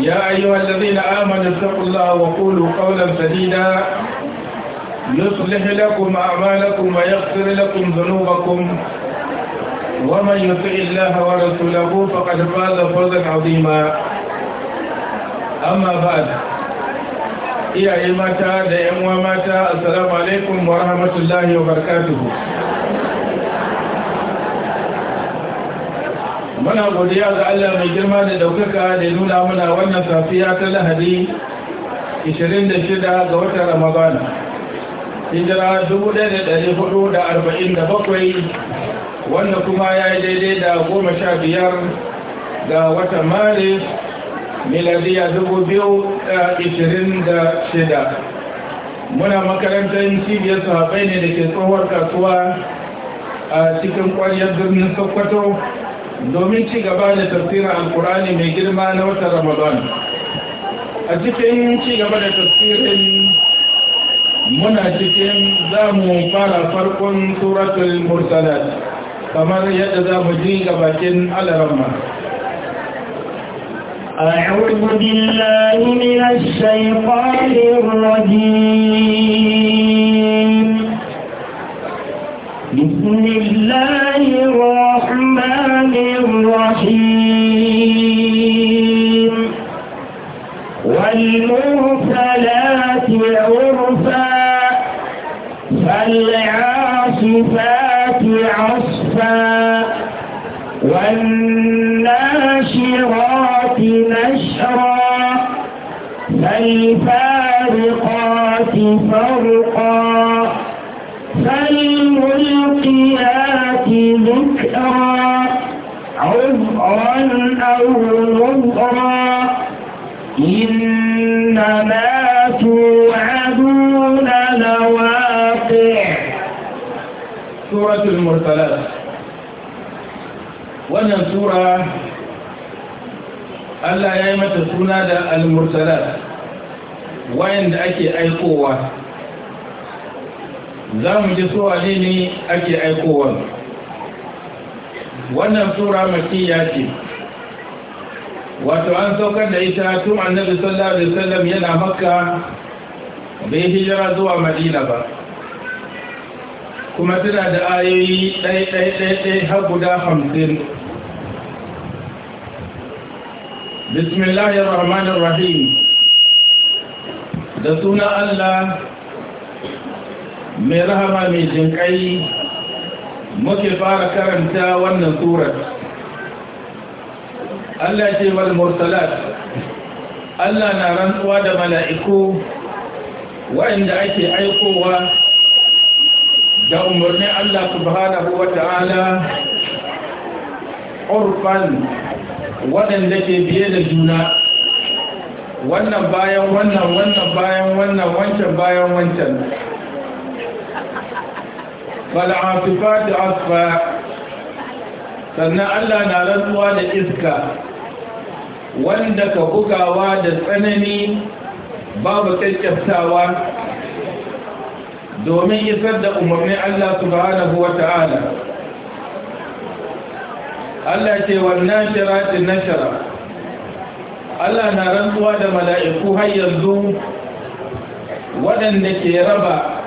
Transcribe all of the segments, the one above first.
يا أيها الذين آمنوا اتقوا الله وقولوا قولا سديدا يصلح لكم أعمالكم ويغفر لكم ذنوبكم ومن يطع الله ورسوله فقد فاز فوزا عظيما أما بعد يا mata da 'yan السلام عليكم ورحمة الله وبركاته muna godiya ga Allah mai girma da daukaka da nuna muna wannan safiya ta lahadi 26 ga watan ramadan hijira 1447 wanda kuma ya yi daidai da goma sha biyar ga watan maris miladiya 2026 muna makarantar cibiyar sahabai ne da ke tsohuwar kasuwa a cikin kwariyar birnin sokoto domin ci gaba da tafsirin alkurani mai girma na wata ramadan a cikin ci gaba da tafsirin muna cikin za mu fara farkon suratul mursalat kamar yadda za mu ji gabakin alaramma أعوذ بالله من الشيطان الرجيم suna da al-mursalat wayanda ake aikowa za mu ji so ne ne ake aikowa wannan sura makiyya ce wato an saukar da ita tun annabi sallallahu alaihi wasallam yana makka bai hijira zuwa madina ba kuma tana da ayoyi ɗai ɗai ɗai har guda hamsin bismillahir rahmanir rahim da suna Allah mai rahama mai jinkai muke fara karanta wannan surar Allah ce wal mursalat Allah na rantsuwa da mala'iku waɗanda ake aikowa da umarnin Allah subhanahu wa ta'ala urfan waɗanda ke biye da juna wannan bayan wannan wannan bayan wannan wancan bayan wancan fal'afifati asfa sannan allah na rantsuwa da iska wanda ka bugawa da tsanani babu kyakkyaftawa domin isar da umarnin allah subhanahu wa ta'ala Allah ce wannan shiratin nashara Allah na rantsuwa da mala'iku har yanzu waɗanda ke raba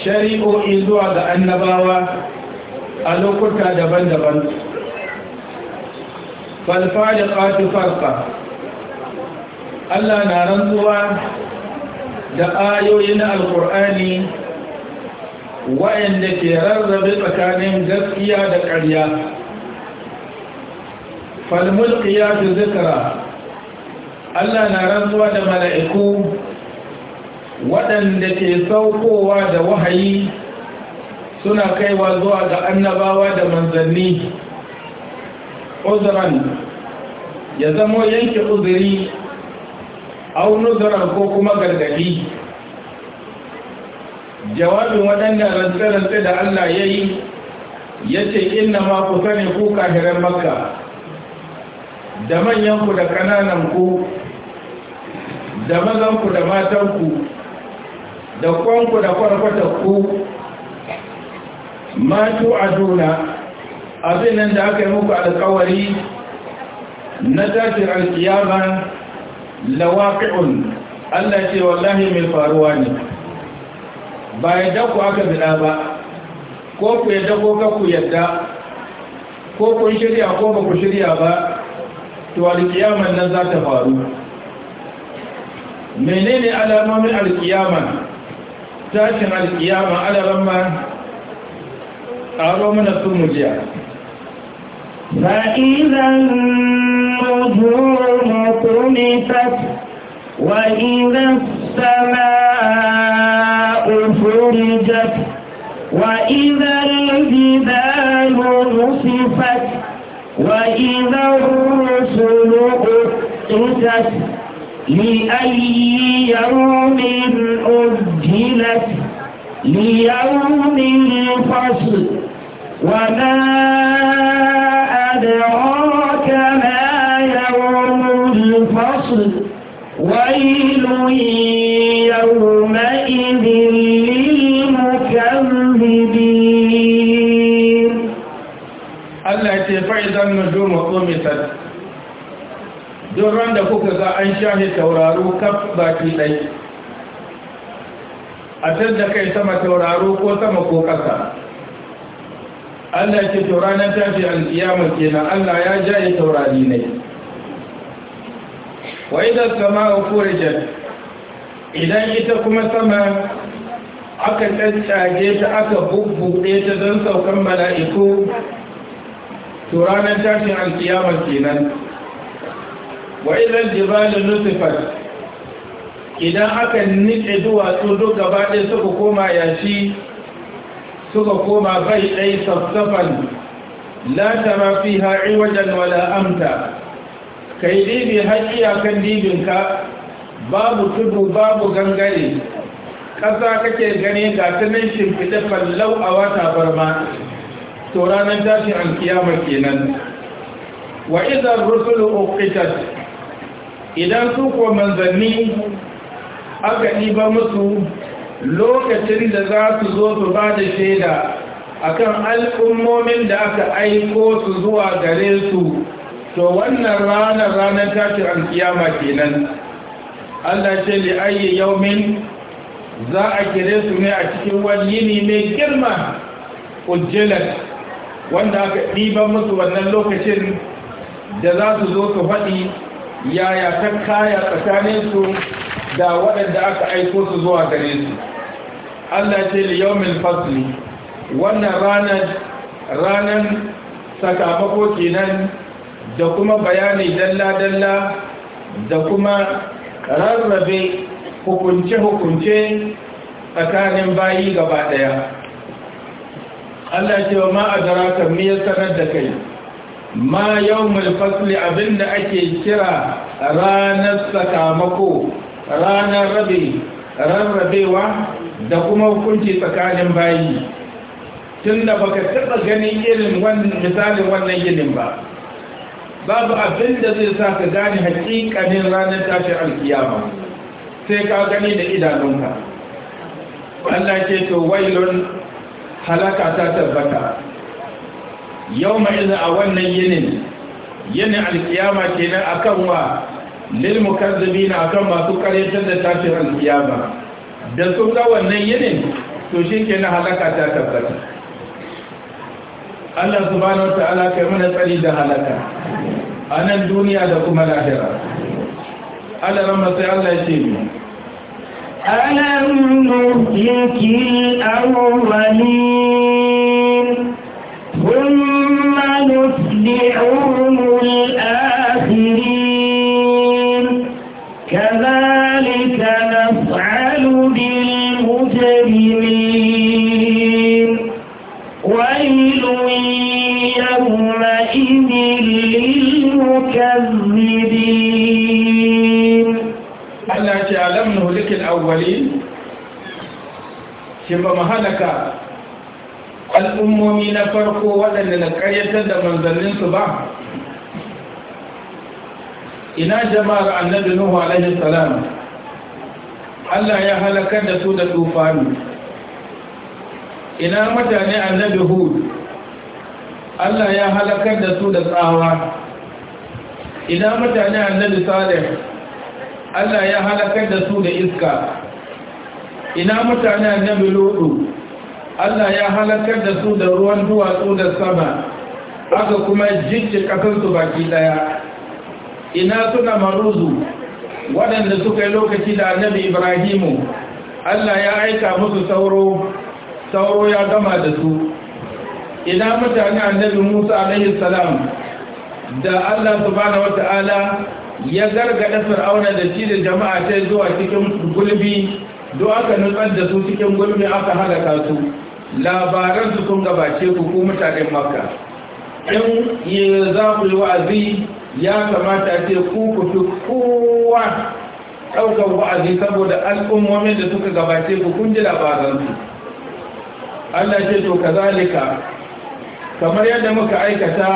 shari'o'i zuwa ga annabawa a lokuta daban-daban falfa da ƙatu farfa Allah na rantsuwa da ayoyi na alkur'ani wayanda ke rarrabe tsakanin gaskiya da ƙarya falmulkiyatu zikra Allah na rantsuwa da mala'iku waɗanda ke saukowa da wahayi suna kaiwa zuwa ga annabawa da manzanni uzuran ya zamo yanke uzuri aunuzuran ko kuma gargadi jawabin waɗanda rantsarantsa da Allah ya yi ya ce inna ma ku sani ku kahirar makka da manyanku da ƙanananku da mazanku da matanku da kwanku da kwarkwatakku matu a juna abin nan da aka yi muku alkawari na tashin alkiyama lawaƙi'un allah ce wallahi mai faruwa ne ba yadda ku aka zina ba ko ku yadda ko ka ku yadda ko kun shirya ko ba ku shirya ba to alkiyama nan za ta faru menene alamomin alkiyama tashin alkiyama alaran ma ƙaro mana sun mujiya فإذا النجوم طمست وإذا السماء فرجت وإذا الجبال نصفت وإذا الرسل أقتت لأي يوم أجلت ليوم الفصل وما أدراك ما يوم الفصل ga an shahe tauraro kaf baki ɗai a can da kai sama tauraro ko sama ko ƙasa allah ke tauranin tafi alkiyama kenan allah ya jaye taurari ne wa idan sama a idan ita kuma sama aka tsatsage ta aka bubbuɗe ta don saukan mala'iku turanin tashin alkiyama kenan wa idan jibalin nusifat idan aka niƙe duwatsu duk gaba ɗaya suka koma yashi suka koma bai ɗai sassafan la tara fi ha'i wajen wala amta kai dibi haƙi a kan dibinka babu tudu babu gangare ƙasa kake gane ga ta nan shimfiɗe fallau a wata barma to ranar tashi an kiyama kenan wa idan rusulu uqitat idan su ko manzanni aka ɗiba musu lokacin da za su zo su ba da shaida kan al'ummomin da aka aiko su zuwa gare su to wannan ranar ranar tashin alkiyama kenan Allah ce li ayyi yaumin za a kire su ne a cikin wani yini mai girma ujjilat wanda aka ɗiba musu wannan lokacin da za su zo su faɗi yaya ta kaya tsakaninsu da waɗanda aka aiko su zuwa gare su Allah ce li yawmin fasli wannan ranar ranan sakamako kenan da kuma bayani dalla-dalla da kuma rarrabe hukunce-hukunce tsakanin bayi gaba ɗaya Allah ce wa ma'adara kan miyar sanar da kai ma yawmul fasli abinda ake kira ranar sakamako ranar rabe rarrabewa da kuma hukunci tsakanin bayi tun da baka taɓa ganin irin misalin wannan ginin ba babu abin da zai sa ka gane hakikanin ranar tashin alkiyama sai ka gani da idanunka Allah ke to wailun halaka ta tabbata yau mai izin a wannan yinin yinin alkiyama kenan akan wa lil mukazzabi na akan masu karyatar da tashin alkiyama da sun ga wannan yinin to shi ke na halaka ta tabbata Allah subhanahu wa wata kai mana tsari da halaka a nan duniya da kuma lahira Allah ramma sai Allah ya ce mu ألم نهلك الأولين ثم نتبعهم الآخرين كذلك نفعل بالمجرمين ويل يومئذ للمكذبين الله تعلم نهلك الأولين شبه هلك al'ummomi na farko waɗanda na ƙaryatar da manzanninsu ba ina jama'ar annabi nuhu alaihi salam Allah ya halakar da su da tufani ina mutane annabi hud Allah ya halakar da su da tsawa ina mutane annabi salih Allah ya halakar da su da iska ina mutane annabi lodo Allah ya halakar da su da ruwan duwatsu da sama Haka kuma jinci ƙasarsu baki ɗaya ina suna maruzu waɗanda suka yi lokaci da annabi ibrahimu Allah ya aika musu sauro sauro ya gama da su ina mutane annabi musa alaihi salam da Allah subhanahu wata'ala ya gargada fir'auna da shi da jama'a ta zuwa cikin gulbi duk aka nutsar da su cikin gulmi aka halaka su labaran su sun gabace ku ko mutanen makka in yi za ku yi wa'azi ya kamata ce ku ku fi kowa ɗaukar wa'azi saboda al'ummomin da suka gabace ku kun ji labaransu Allah ce to kazalika kamar yadda muka aikata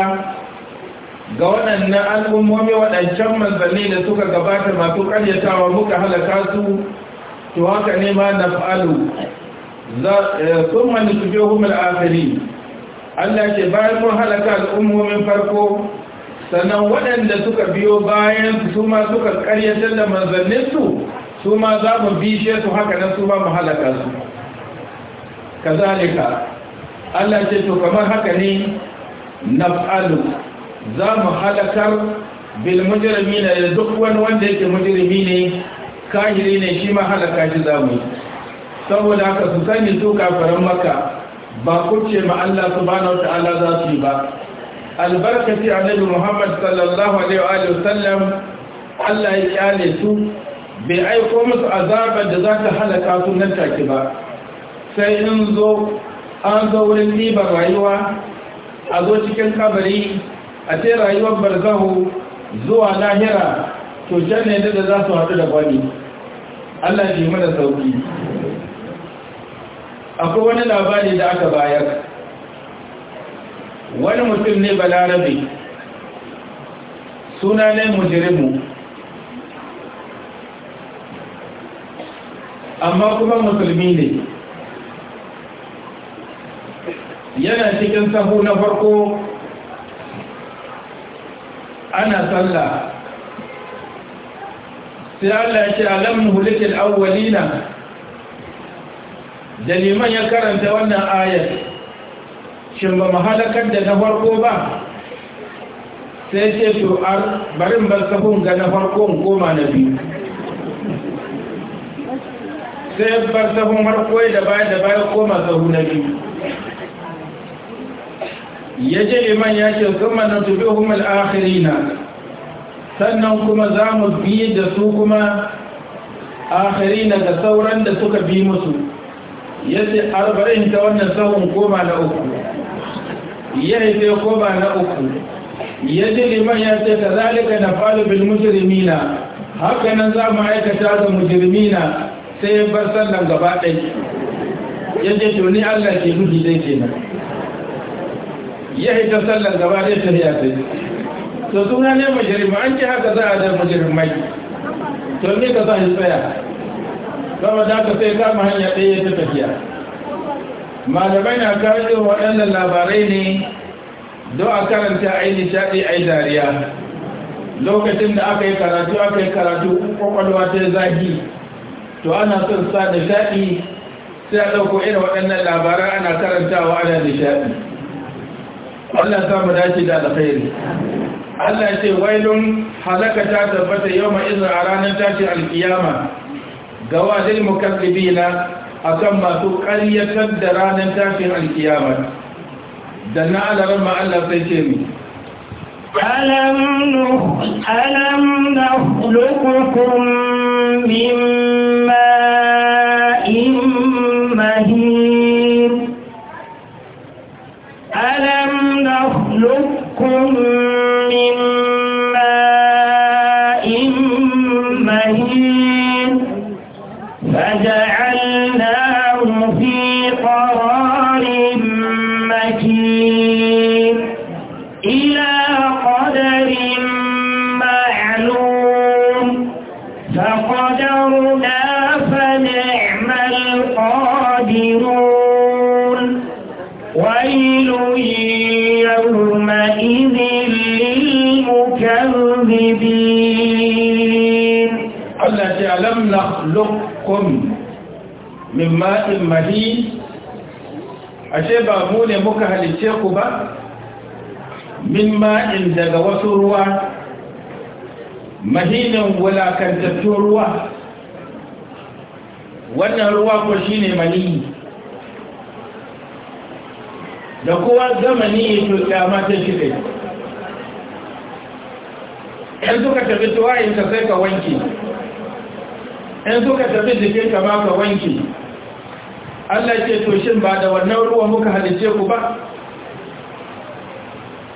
ga waɗannan al'ummomi waɗancan manzanni da suka gabata masu ƙaryatawa muka halaka su to haka ne ma na fa'alu sun hannu su biyo humar allah ce bayan mun halaka al'ummomin farko sannan waɗanda suka biyo bayan su ma suka karyatar da manzanninsu su ma za mu bishe su haka nan su ma mu halaka su kazalika allah ce to kamar haka ne na fa'alu za mu halakar bilmujirmi na da duk wani wanda yake mujirmi ne kahiri ne shi ma halaka shi zamu saboda haka su sani su kafaran maka ba kuce ma Allah subhanahu wataala za su yi ba albarkaci annabi Muhammad sallallahu alaihi wa sallam Allah ya kyale su bai aiko musu azabar da za ta halaka su nan take ba sai in zo an zo wurin ribar rayuwa a zo cikin kabari a ce rayuwar barzahu zuwa lahira to can ne da za su haɗu da gwani Allah ya yi mana sauki akwai wani labari da aka bayar wani mutum ne balarabe suna ne mujirimu amma kuma musulmi ne yana cikin sahu na farko ana sallah sai Allah ya ce alam muhlikil awwalina da liman ya karanta wannan ayar shin ba mahalakar da na farko ba sai ce to ar barin ban sahun ga na farko in koma na biyu sai bar sahun farko da baya da baya koma sahu na biyu ya ce liman ya ce sun manan tubi humul akhirina sannan kuma za mu bi da su kuma na da sauran da suka bi musu yace arba'in ta wannan sahun koma na uku ya haife koma na uku ya ji liman ya ce ka zalika na falu bil mujrimina haka nan za mu aikata ga mujrimina sai ya bar sallan gaba ɗai ya ce to ni Allah ke nufi dai kenan ya haife sallan gaba ɗai sai ya sai to suna ne mashirin an ce haka za a da mashirin mai to ne ka sa tsaya kama da aka sai kama hanya ɗaya ta tafiya malamai na kawo waɗannan labarai ne don a karanta a yi nishaɗi a yi dariya lokacin da aka yi karatu aka yi karatu kwakwalwa ta zagi to ana son sa nishaɗi sai a ɗauko irin waɗannan labarai ana karantawa ana nishaɗi Allah samu dace da alkhairi Allah ce wailun halaka ta tabbata yau ma izin a ranar tashi alkiyama ga wajen mukaddibi na akan masu ƙaryatar da ranar tashin alkiyama da na alarar ma Allah sai ce mi alam na hulukukun mimma in mahim alam na hulukukun من ماء مهين فجعل Mahi ashe ba mu ne muka halice ku ba min ma'in daga wasu ruwa mahinin wulakantattun ruwa wannan ruwa ko shi ne mani da kowa zamani ya tuɗama ta shirya ɗan suka tafi ka, sai ka wanki ɗan suka tafi ka ma ka wanki Allah ce to shin ba da wannan ruwa muka halice ku ba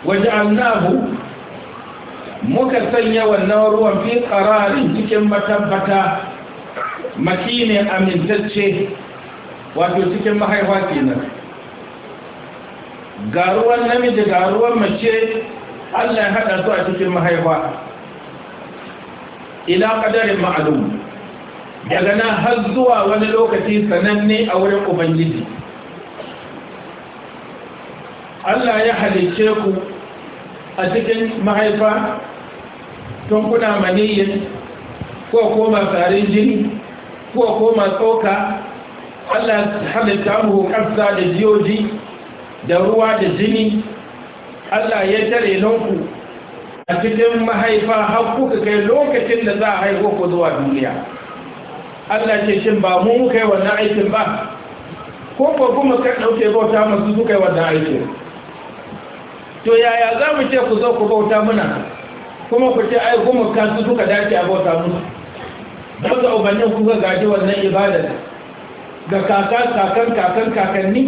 waje muka sanya wannan ruwa fi ƙararin cikin matabbata makine amintacce wato cikin mahaifa kenan garuwan namiji ga mace Allah ya haɗa su a cikin mahaifa ila ƙadarin ma'alum daga nan har zuwa wani lokaci sananne a wurin ubangiji Allah ya halicce ku a cikin mahaifa tun kuna maniyin ko koma tsarin jini ko koma tsoka Allah halitta mu kafsa da jiyoji da ruwa da jini Allah ya tare ku a cikin mahaifa har kuka kai lokacin da za a haihu ko zuwa duniya Allah ce shin ba mu muka yi wannan aikin ba ko ko kuma ka dauke bauta masu suka yi wannan aikin to yaya za mu ce ku zo ku bauta muna kuma ku ce ai kuma ka su suka dace a bauta musu don ga ubannin kuka gaji wannan ibada ga kakan kakan kakan kakanni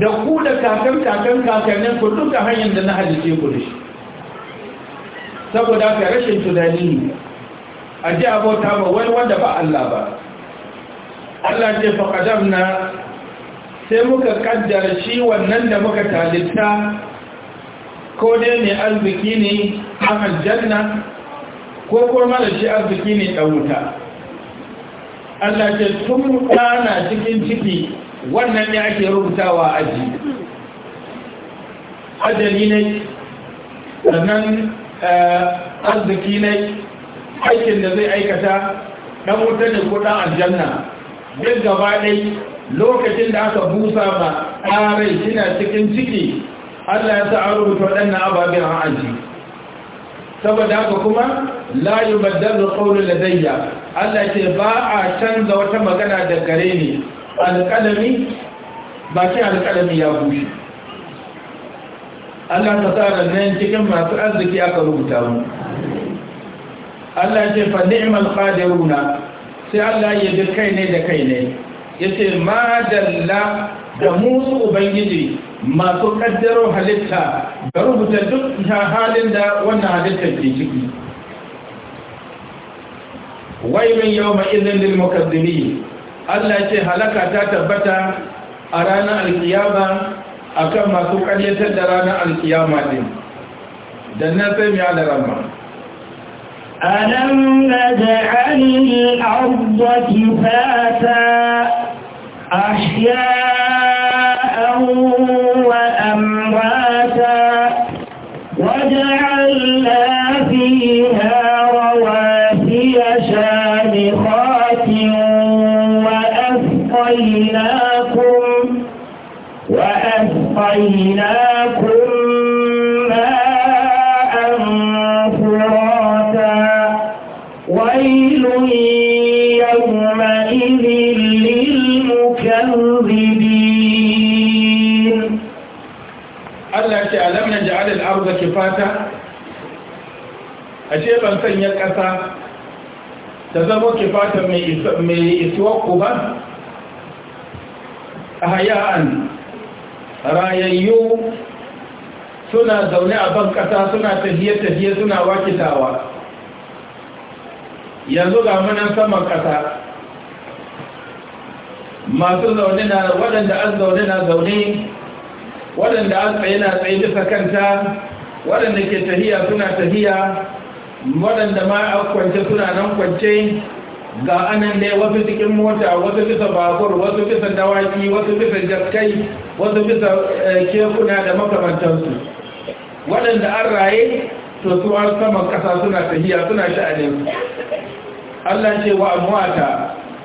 da ku da kakan kakan kakannin ku duka hanyar da na halice ku da shi saboda ka rashin tunani ne a ji abota ba wani wanda ba Allah ba Allah ce faƙadam na sai muka kaddara shi wannan da muka talitta ko dai ne arziki ne a aljanna ko kuma da shi arziki ne a wuta Allah ce tun ɗana cikin ciki wannan ne ake rubutawa aji ajali ne sannan eh, arziki ne aikin da zai aikata ɗan wuta ne ko ɗan aljanna duk gaba ɗai lokacin da aka busa ba ƙarai suna cikin ciki Allah ya sa rubuta waɗannan ababen ha'aji saboda haka kuma layu baddar da ƙaunar Allah ce ba a canza wata magana da gare ne, alƙalami ba ce alƙalami ya bushe Allah ta sa nan cikin masu arziki aka rubuta mu Allah ce fa ni'mal qadiruna sai Allah ya ji kai ne da kai ne yace ma dalla da musu ubangiji masu kaddaro halitta da rubuta duk halin da wannan halittar ke ciki wailun yawma idhin lil mukazzimin Allah ce halaka ta tabbata a ranar alkiyama akan masu ƙaryatar da ranar alkiyama din dan nan sai mu ya da rama ألم نجعل الأرض كفاتا أحياء وأمواتا وجعلنا فيها رواسي شامخات وأسقيناكم وأسقيناكم ashe ban sanya ƙasa ta zama fata mai isuwakku ba a haya'an rayayyu suna zaune a ban ƙasa suna tafiye-tafiye suna wakitawa yanzu ga munan saman ƙasa masu zaune na waɗanda an zaune na zaune waɗanda an tsaye na tsaye bisa kanta waɗanda ke tahiya suna tahiya waɗanda ma a kwance suna nan kwance ga anan ne wasu cikin mota wasu bisa babur wasu bisa dawaki wasu bisa jaskai wasu bisa eh, kekuna da makamantansu waɗanda an raye to su an saman ƙasa suna tafiya suna sha'anin Allah ce wa amuwata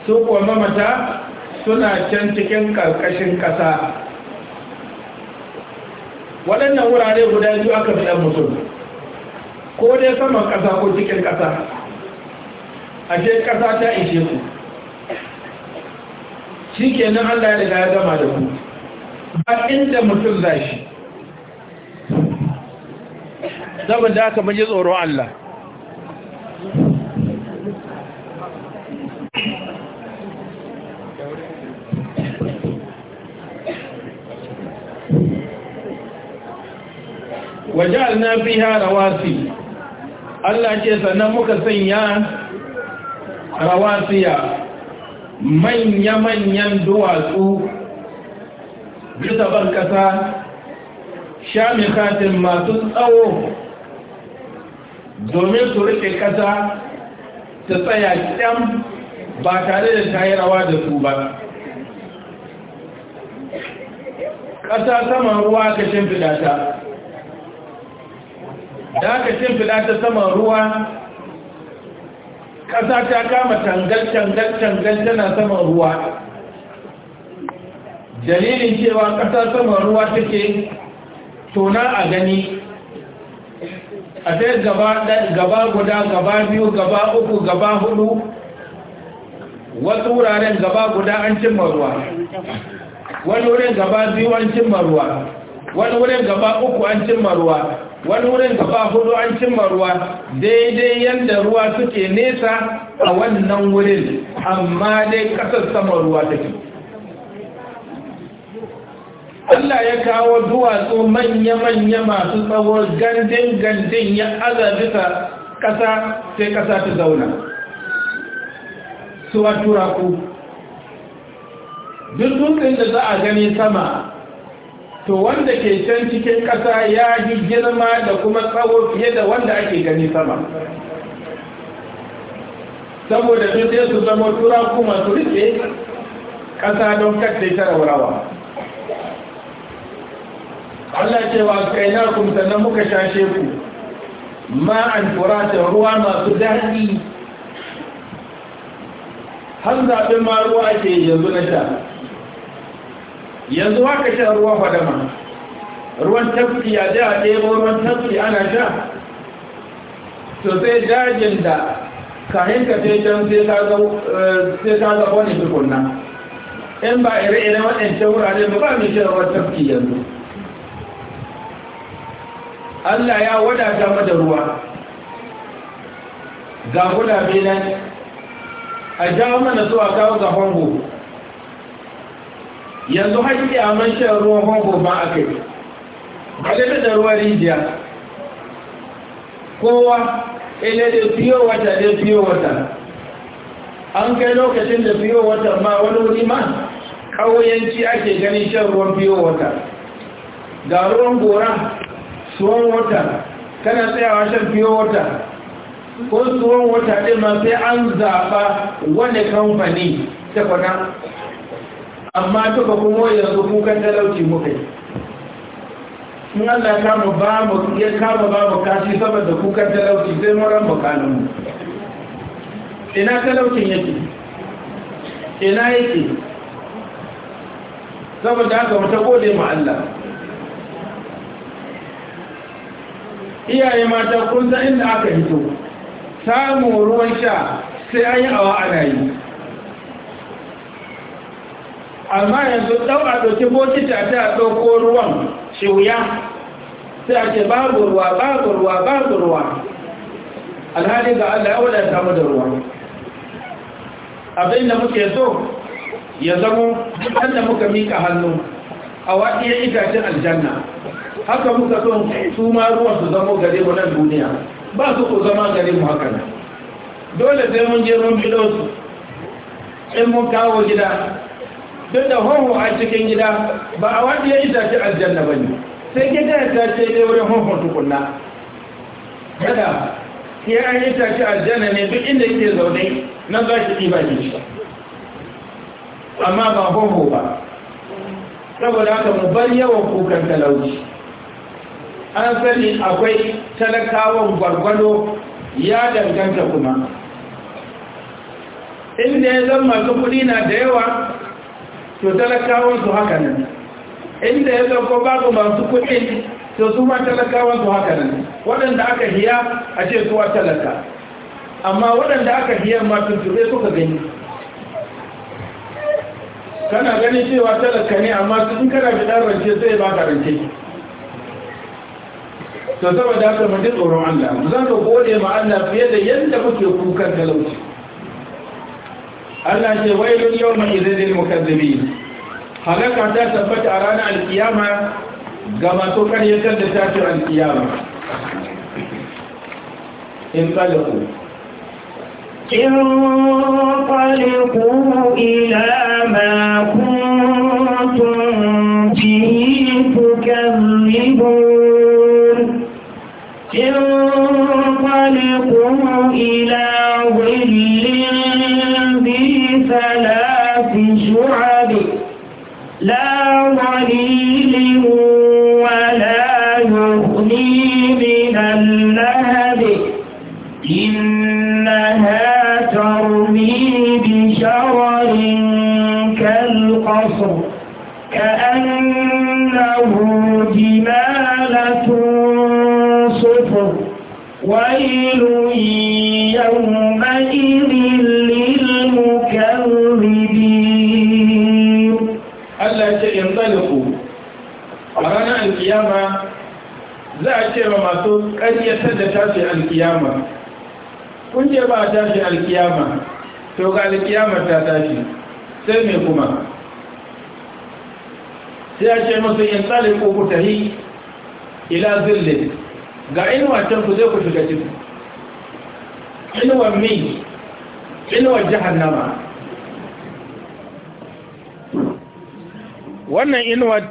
su kuwa mamata suna can cikin ƙarƙashin ƙasa waɗannan wurare guda biyu aka fi ɗan mutum ko dai saman ƙasa ko cikin ƙasa ce ƙasa ta ishe ku shi kenan allah ya daga ya zama da ku ba inda mutum za shi zaman da aka maji tsoro allah waje فيها رواسي Allah ce sannan muka sanya rawasiya manya-manyan duwatsu bisa ban kasa shamikatin masu tsawo domin su rike ƙasa ta tsaya kyan ba tare da ta yi rawa da su ba ƙasa saman ruwa ka shimfi data da aka shimfiɗa ta saman ruwa ƙasa ta kama tangal-tangal-tangal tana saman ruwa dalilin cewa ƙasa saman ruwa take tona a gani a sai gaba guda gaba biyu gaba uku gaba hudu wasu wuraren gaba guda an cimma ruwa wani wurin gaba biyu an cimma ruwa wani wurin gaba uku an cimma ruwa wani wurin da ba hudu an cimma ruwa daidai yadda ruwa suke nesa a wannan wurin amma dai kasar sama ruwa take Allah ya kawo duwatsu manya-manya masu tsawo gandin-gandin ya aza bisa ƙasa sai ƙasa ta zauna suwa turaku duk dutsen da za a gani sama to wanda ke can cikin ƙasa ya yi girma da kuma tsawo fiye da wanda ake gani sama saboda duk sai su zama tura kuma su rike ƙasa don kakta ta raurawa Allah cewa kaina kuma sannan muka shashe ku ma'an ta ruwa masu daɗi har zaɓin ma ruwa ake yanzu na sha yanzu haka shi ruwan fadama ruwan tafki ya ja a ɗebo ruwan tafki ana sha to sai dajin da kayan ka sai can sai ta zaba ne tukunna in ba ire-ire waɗancan wurare ba mai shi ruwan tafki yanzu Allah ya wadata mada ruwa ga gudabe nan a jawo mana zuwa kawo ga hongo yanzu haƙiƙi a man shan ruwan famfo ba a kai ba da ruwan rijiya kowa ile da fiye wata da fiye wata an kai lokacin da fiye wata ma wani wuri ma ƙauyenci ake ganin shan ruwan fiye wata ga ruwan gora suwan wata kana tsayawa shan fiye wata ko suwan wata ɗin ma sai an zaɓa wani kamfani ta kwana amma duka kuma yanzu kukan talauci muka yi in Allah kama ba mu ya kama ba mu kashi saboda kukan talauci sai mu ran bukalin mu ina talaucin yake ina yake saboda haka mu ta gode ma Allah iyaye mata kun san inda aka hito samun ruwan sha sai an yi awa ana yi amma yanzu ɗau a ɗauki bokiti a ta ɗauko ruwan shiwuya sai a ce babu ruwa babu ruwa babu ruwa alhali ga Allah ya wadata samu da ruwa Abinda muke so ya zamo duk da muka mika hannu a ya itacen aljanna haka muka so su ma ruwan su zamo gare mu nan duniya ba su ku zama gare mu haka nan dole sai mun je mun bido su in mun kawo gida sai da hoho a cikin gida ba a wanda ya yi ce aljanna ba ne sai gida ya tace ne wurin hohun tukunna kada ya an yi tace aljanna ne duk inda yake zaune na za ɗi ba ke shi amma ba hoho ba saboda haka mu bar yawan kukan talauci an sani akwai talakawan gwargwado ya danganta kuma inda ya zama masu kuɗi na da yawa to talakawan su haka nan inda ya dauko babu masu kuɗi to su ma talakawan su haka nan waɗanda aka hiya a ce suwa talaka amma waɗanda aka hiya ma tuntube suka gani kana ganin cewa talaka ne amma su in kana fi rance sai ba ka rance to saboda aka mu tsoron Allah mu za mu gode ma Allah fiye da yadda muke kukan talauci Allah ce wailun yawma idhil mukazzibin halaka ta tabbata a ranar alkiyama ga masu karyatar da tashin alkiyama in tsalaku انطلقوا إلى ما كنتم به تكذبون انطلقوا إلى ƙaryatar da tashi alkiyama kun ce ba a tashi alkiyama to ga alkiyama ta tashi sai mai kuma sai a ce masu yin tsali ko ku ila zirle ga inuwa can ku zai ku shiga ciki inuwar mi inuwar nama. wannan inuwar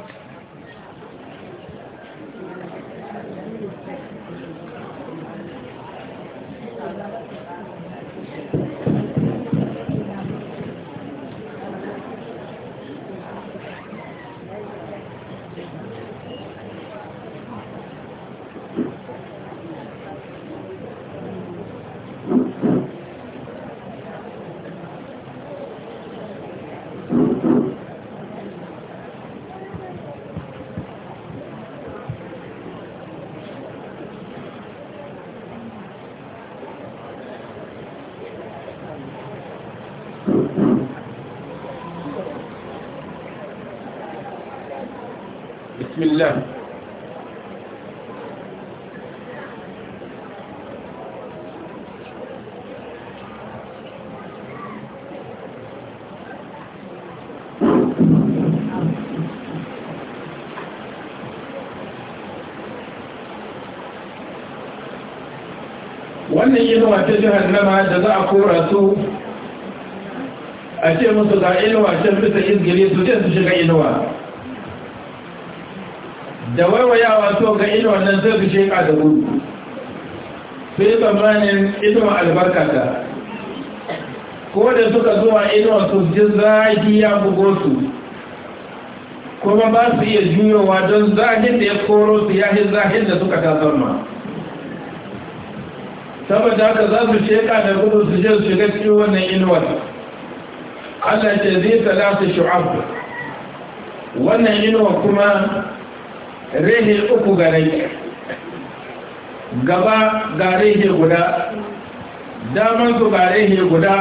بسم الله yi inuwa ta jihannama da za a kora su a ce musu ga inuwa can bisa izgiri su ce su shiga inuwa da waiwayawa so ga inuwa nan zai fi sheka da gudu Su yi tsammanin inuwa albarkata ko da suka zuwa inuwa su ji zafi ya bugo su kuma ba su iya juyowa don zahin da ya koro su yahin zahin da suka tasar ma saboda haka za su sheka da gudu su je su shiga cikin wannan inuwar Allah ce zai talata shu'ab wannan inuwa kuma rehe uku ga rai, gaba ga rehe guda daman su ga rehe guda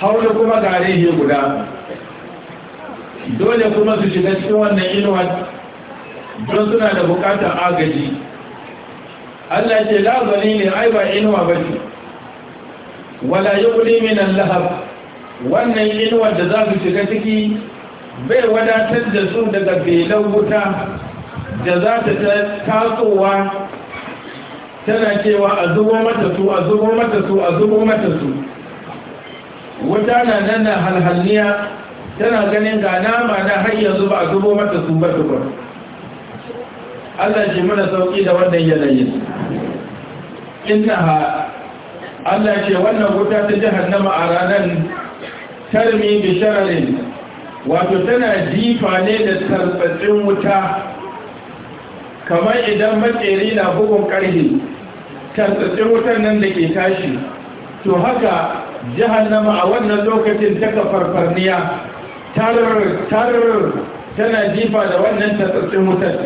haula kuma ga rehe guda dole kuma su shiga cikin wannan inuwar don suna da bukatar agaji Allah ce la ne ai ba inuwa ba ce wala yuqli min al-lahab wannan inuwa da za su shiga ciki bai wadatar da su daga belan wuta da za ta tasowa tana cewa a zubo mata su a zubo mata su a zubo mata su wuta na nan na tana ganin ga nama na har yanzu ba a zubo mata su ba tukun Allah ji mana sauki da wannan yanayin innaha Allah ce wannan wuta ta jahannama a ranar tarmi bi shararin wato tana jifa ne da tarbatsin wuta kamar idan makeri na bugun karhe tarbatsin wutar nan da ke tashi to haka jahannama a wannan lokacin ta farfarniya tarar tana jifa da wannan tarbatsin wutan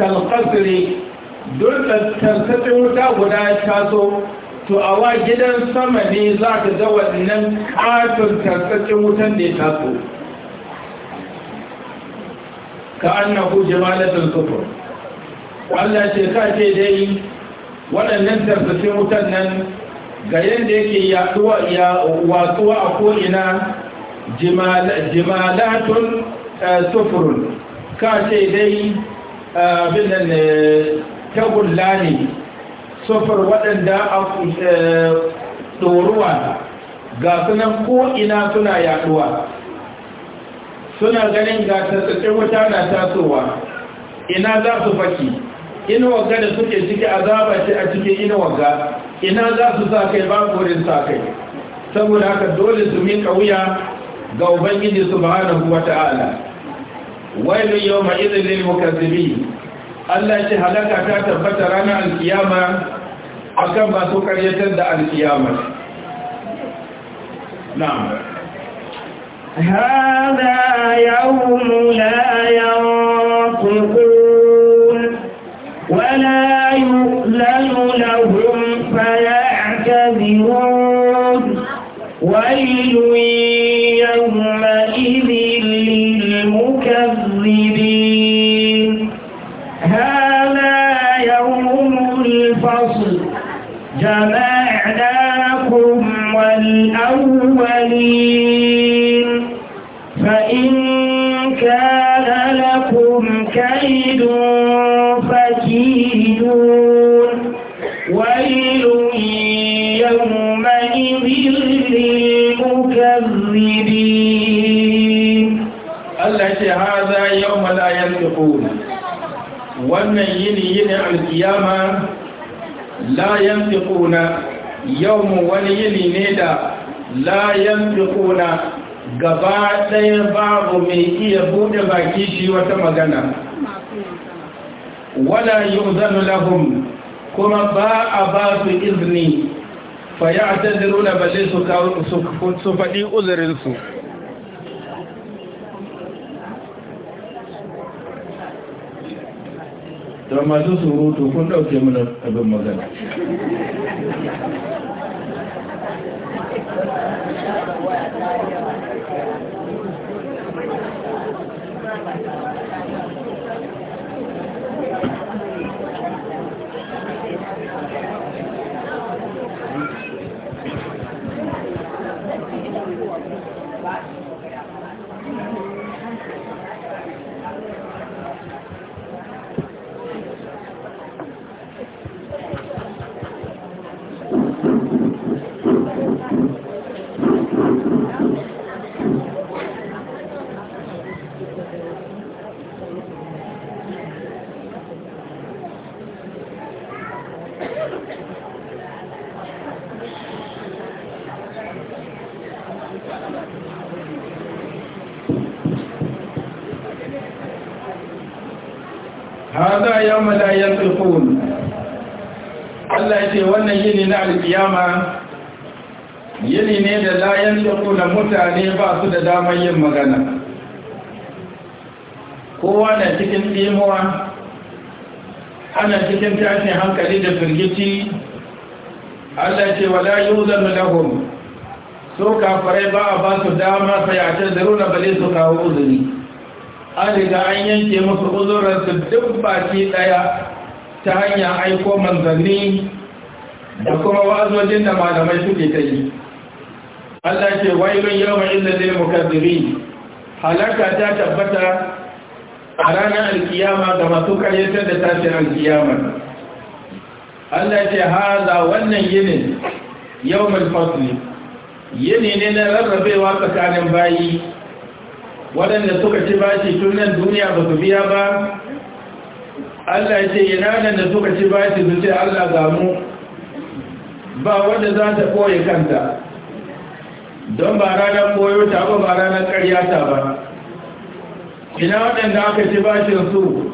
kalkasiri tantattun wuta guda ya taso to a wa gidan sama ne za ka ga waɗannan katon tantattun wutan da ya taso ka annahu jimalatun sufur Allah ce ka ce dai waɗannan tantattun wutan nan ga yadda yake yaduwa ya watsuwa a ko'ina jimalatun sufurun eh, ka ce dai eh, abin nan eh, tagulla ne sufar waɗanda a eh, ɗoruwa ga sunan ko'ina suna yaɗuwa suna ganin ga tattakin wuta na tasowa ina za su faki inuwa ga da suke ciki a ce a cikin inuwa ga ina za su sa kai ba gurin sa kai saboda haka dole su miƙa wuya ga ubangiji subhanahu wata'ala wailun yawma idhil lil mukazzibin Allah ce halaka ta tabbata ranar alkiyama akan masu karyatar da alkiyama na'am هذا يوم لا يوم layan la yau yawm wani yini ne da la yanfiquna gaba babu mai iya bude baki shi wata magana wala yu'zanu lahum kuma ba a ba su izini fa ya'taziruna balle su faɗi uzurinsu don masu surutu kun ɗauke mana abin magana ce wannan yini na alkiyama yini ne da layan da mutane ba su da damar yin magana kowa na cikin ɗimuwa ana cikin tashin hankali da firgici allah ce wala yi uzanu so kafarai ba a ba su dama sayatar da runa bale su kawo uzuri an riga an yanke musu uzurinsu duk baki ɗaya ta hanyar aiko manzanni da kuma wa'azojin da malamai suke ta yi Allah ke wailun yawma illal lil mukazzibi halaka ta tabbata a ranar alkiyama ga masu karyatar da tashin alkiyama Allah ke haza wannan yini yawmul fasli yini ne na rarrabewa tsakanin bayi waɗanda suka ci bashi tun nan duniya ba su biya ba Allah ce yana nan da suka ci bashi su ce Allah ga mu ba wanda za ta koye kanta don ba ranar koyo ta ba ba ranar karya ta ba ina waɗanda aka ce bashin su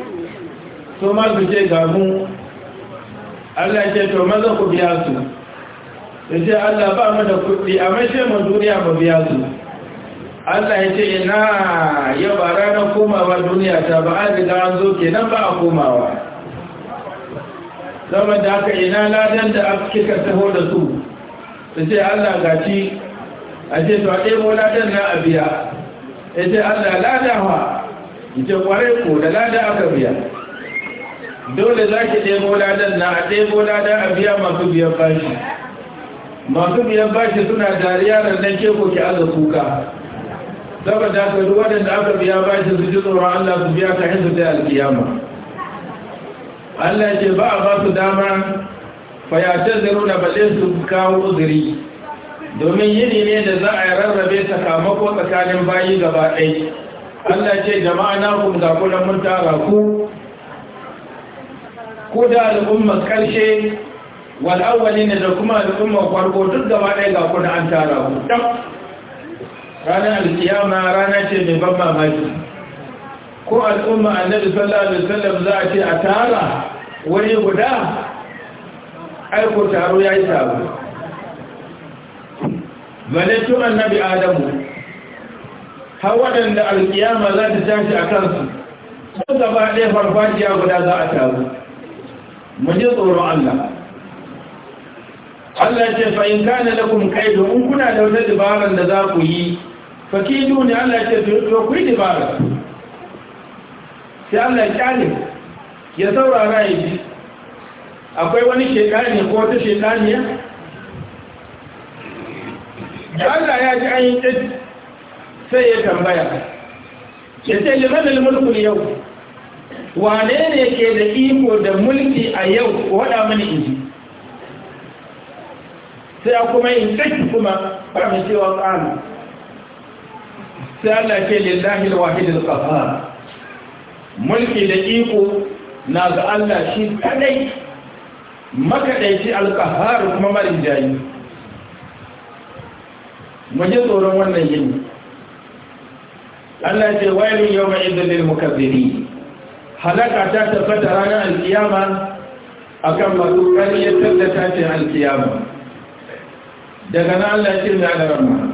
su ma su ce gamu allah ce to maza ku biya su Ya ce allah ba mu da kuɗi a mashe mu duniya ba biya su allah ya ce ina yau ba ranar komawa duniya ta ba an riga an zo kenan ba a komawa saboda haka ina ladan da aka kika taho da su ta ce allah gaci a ce to a ɗebo ladan na a biya ya ce allah lada fa ce kware ko da lada aka biya dole za ki ɗebo ladan na a ɗebo ladan a biya masu biyan bashi masu biyan bashi suna dariya da nan ke ko ki aza kuka saboda haka duk waɗanda aka biya bashi su ji tsoron allah su biya ka hin su ta alkiyama Allah ce ba a ba su dama fayatar da ba baɗe su kawo uzuri domin yini ne da za a rarrabe sakamako tsakanin bayi gaba ɗai Allah ce jama'a na kun ga kuna mun tara ku ku da al'ummar ƙarshe wal'awwali ne da kuma al'ummar farko duk gaba ɗai ga kuna an tara ku ɗan ranar alkiyama rana ce mai ban mamaki ko al'umma annabi sallallahu alaihi wasallam za a ce a tara wani guda aiko taro ya yi taro balaitun annabi adamu har waɗanda alkiyama za ta tashi a kansu ko gaba ɗaya farfajiya guda za a taro. mu ji tsoron allah allah ce fa'in kana lakum kaido in kuna da wani dabarar da za ku yi fakidu ne allah ce to ku yi dabarar sai Allah ya kyale ya saurara ya ji akwai wani shekani ko wata shekaniya da Allah ya ji an yi ƙi sai ya tambaya ya ce limanin mulkul yau wane ne ke da iko da mulki a yau waɗa mani inji sai kuma yin ƙi kuma cewa tsanu sai Allah ke lillahi da wahidin ƙafa mulki da iko na ga Allah shi kadai makaɗaici alkahar kuma marin jayi muje tsoron wannan yin. Allah ce wailun yawma idan lil mukazzibi halaka ta tabbata ranar alkiyama a masu kariyar tattata ce alkiyama daga na Allah ce na da rama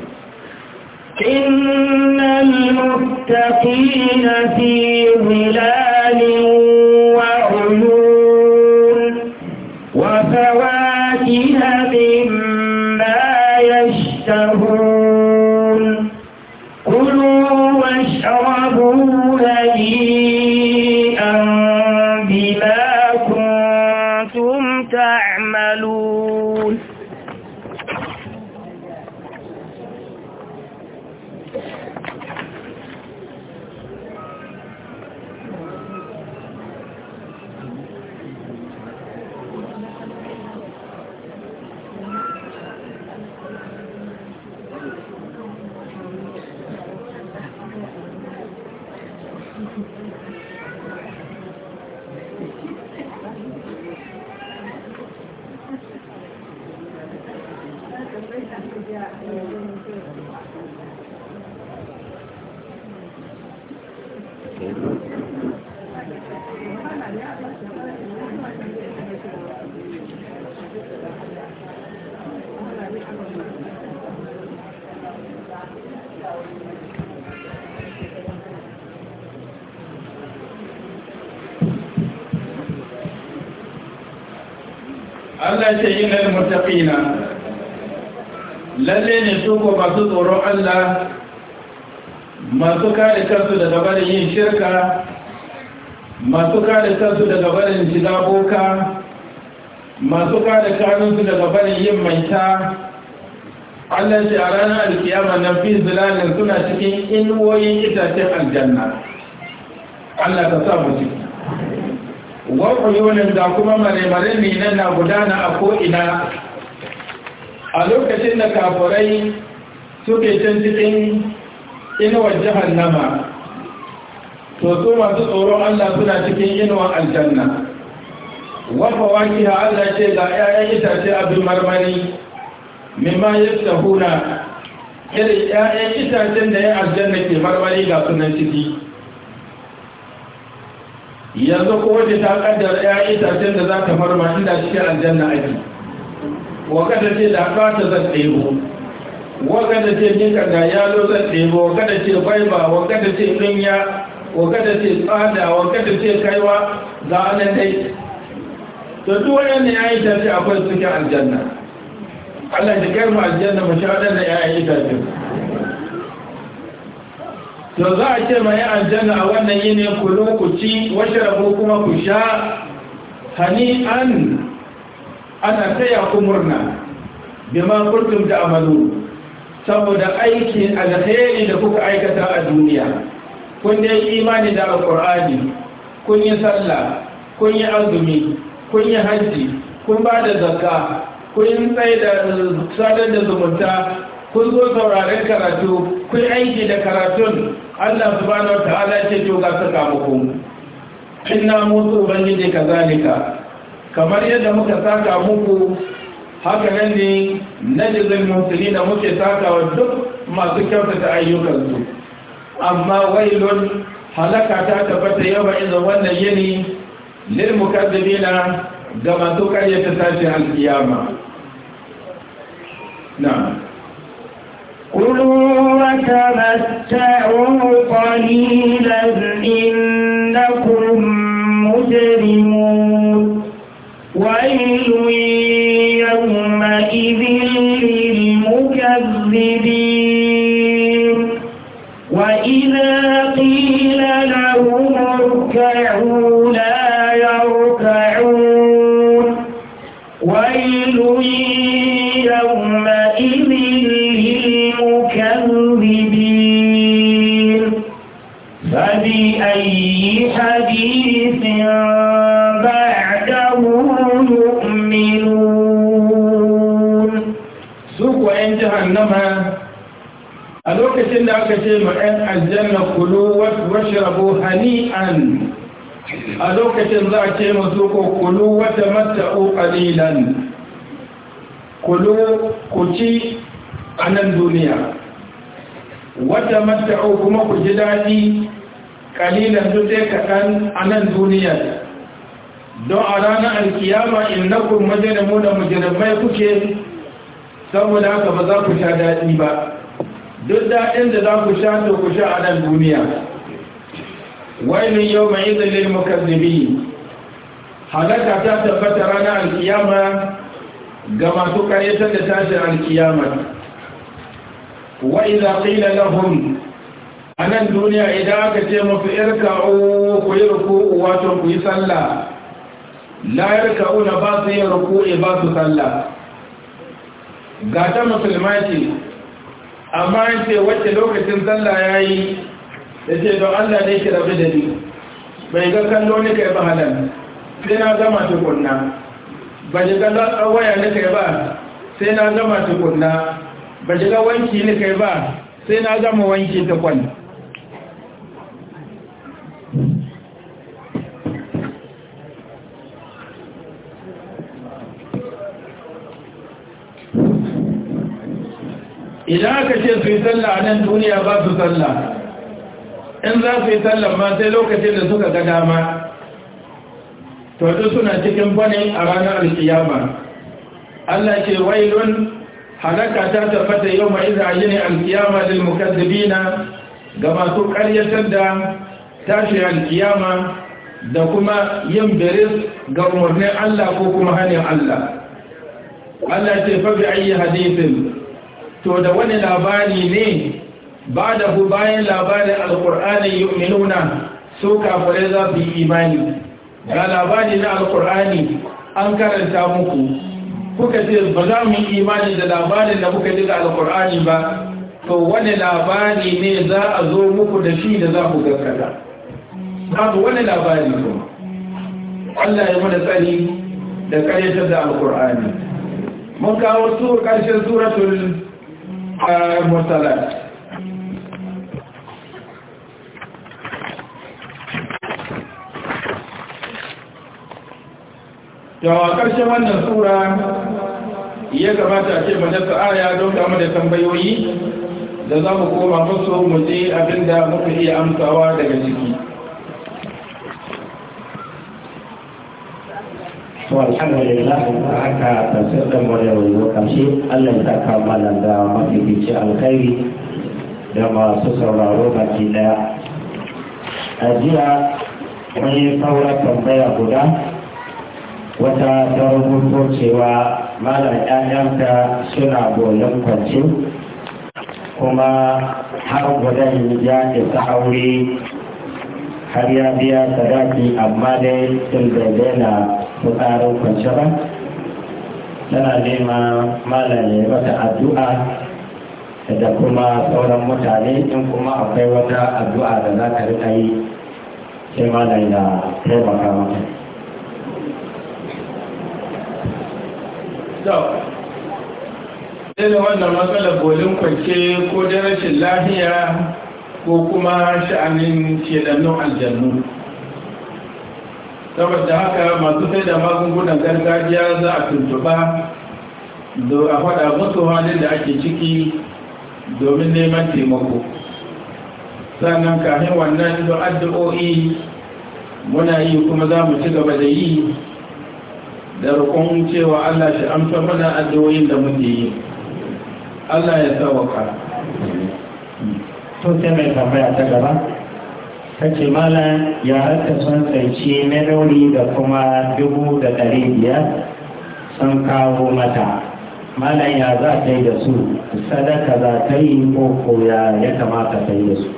إن المتقين في ظلال Allah ce inal muttaqina lalle ne su ko masu tsoron Allah masu kare kansu daga barin yin shirka masu kare kansu daga barin shiga boka masu kare kanunsu daga barin yin manta Allah ce a ranar alkiyama na fi zilalin suna cikin inuwoyin itacen aljanna Allah ka sa mu ciki wa uyunin da kuma mare-mare ne na gudana a ko'ina a lokacin da kafurai suke can cikin inuwar jahannama to su masu tsoron Allah suna cikin inuwar aljanna wafa waki ha Allah ce ga 'ya'yan itace abin marmari mimma ta huna irin 'ya'yan itacen da ya aljanna ke marmari ga sunan ciki yanzu kowace ta kaddara 'ya'yan itacen da za ta marma da cikin aljanna ake wakada ce da fata zan ɗebo wakada ce jinka ga yalo zan ɗebo wakada ce faiba wakada ce ɗinya wakada ce tsada wakada ce kaiwa za a nan dai to duk wannan ya yi tafi akwai cikin aljanna Allah ya kai mu aljanna mu sha ya yi tafi to za a ce mai aljanna a wannan yi ne ku lokaci ci washrabu kuma ku sha hani an. ana taya ku murna bima kuntum ta'malu saboda aikin alkhairi da kuka aikata a duniya kun dai imani da alqur'ani kun yi sallah kun yi azumi kun yi hajji kun ba da zakka kun yi tsaye da sadar da zumunta kun zo sauraren karatu kun aiki da karatun Allah subhanahu wa ta'ala ce to ga saka muku inna mutu ubangiji kazalika kamar yadda muka saka muku haka nan ne na jizon musulmi da muke saka duk masu kyautata ayyukansu amma wailun halaka ta tabbata yawa iza wannan yini lil mukaddimina ga masu karyata tashi alkiyama na قلوا وتمتعوا قليلا aka ce ma 'yan aljanna kulu washrabu hani'an a lokacin za a ce masu ko kulu wata mata'u qalilan kulu ku ci a nan duniya wata mata'u kuma ku ji daɗi ƙalilan duk kaɗan a nan duniya don a ranar alkiyama innakun majalamu da mujalmai kuke saboda haka ba za ku sha daɗi ba duk daɗin da za ku sha to ku sha a nan duniya min yau mai izinin mukazzibi halaka ta tabbata ranar alkiyama ga masu karyatar da tashin alkiyama wa iza qila lahum a nan duniya idan aka ce mafi irka'u ku yi ruku, wato ku yi sallah layar kau na ba su yin ruku ba su sallah ga ta musulmai amma in ce wacce lokacin zalla ya yi da ce don allah ne ke rabu da ni bai ga kallo ni kai ba halal sai na gama tukunna ba ji ga waya ni kai ba sai na gama tukunna ba ji ga wanki ni kai ba sai na gama wanki tukunna idan aka ce su yi sallah a nan duniya ba su sallah in za su yi sallah ma sai lokacin da suka ga dama to duk suna cikin banin a ranar alkiyama Allah ce wailun halaka ta tabbata yau yi ne alkiyama lil mukazzibina ga masu ƙaryatar da tashi alkiyama da kuma yin biris ga umarnin Allah ko kuma hannun Allah Allah ce fa bi ayi hadithin to da wani labari ne ba da hu bayan labarin alkur'ani yu'minuna su kafirai za su yi imani ga labari na alkur'ani an karanta muku kuka ce ba za mu yi imani da labarin da kuka ji da alkur'ani ba to wani labari ne za a zo muku da shi da za ku gaskata babu wani labari kuma Allah ya mana tsari da karyatar da alkur'ani mun kawo su ƙarshen suratul مرسلات yawa ƙarshen wannan tsura ya gabata ce majalisar aya don game da tambayoyi da za mu koma musu mu je abinda muka iya amsawa daga ciki to alhamdulillah aka tafsir da mu da yau kamshi Allah ya saka mana da mafifici alkhairi da masu sauraro baki daya a jiya wani saura tambaya guda wata ta rubuto cewa malam ƴaƴanta suna goyon kwance kuma har gudan ya isa aure har ya biya sadaki amma dai sun bai daina fitsarin kwance ba tana nema malami wata addu'a da kuma sauran mutane in kuma akwai wata addu'a da za ka rika yi sai malami na taimaka mata irin wannan matsalar bolin kwance ko da rashin lafiya ko kuma sha'anin shedannun aljannu saboda haka masu sai da magungunan gargajiya za a tuntuba a faɗa musu halin da ake ciki domin neman taimako sannan kafin wannan da addu'o'i muna yi kuma za mu ci gaba da yi da rukun cewa allah shi amsa mana addu'o'in da muke yi allah ya sauwaka to sai mai tambaya ta gaba ta ce malam ya aka son tsanci na rauni da kuma dubu da ɗari biyar sun kawo mata malam ya za ta yi da su sadaka za ta yi ko ya ya kamata ta yi da su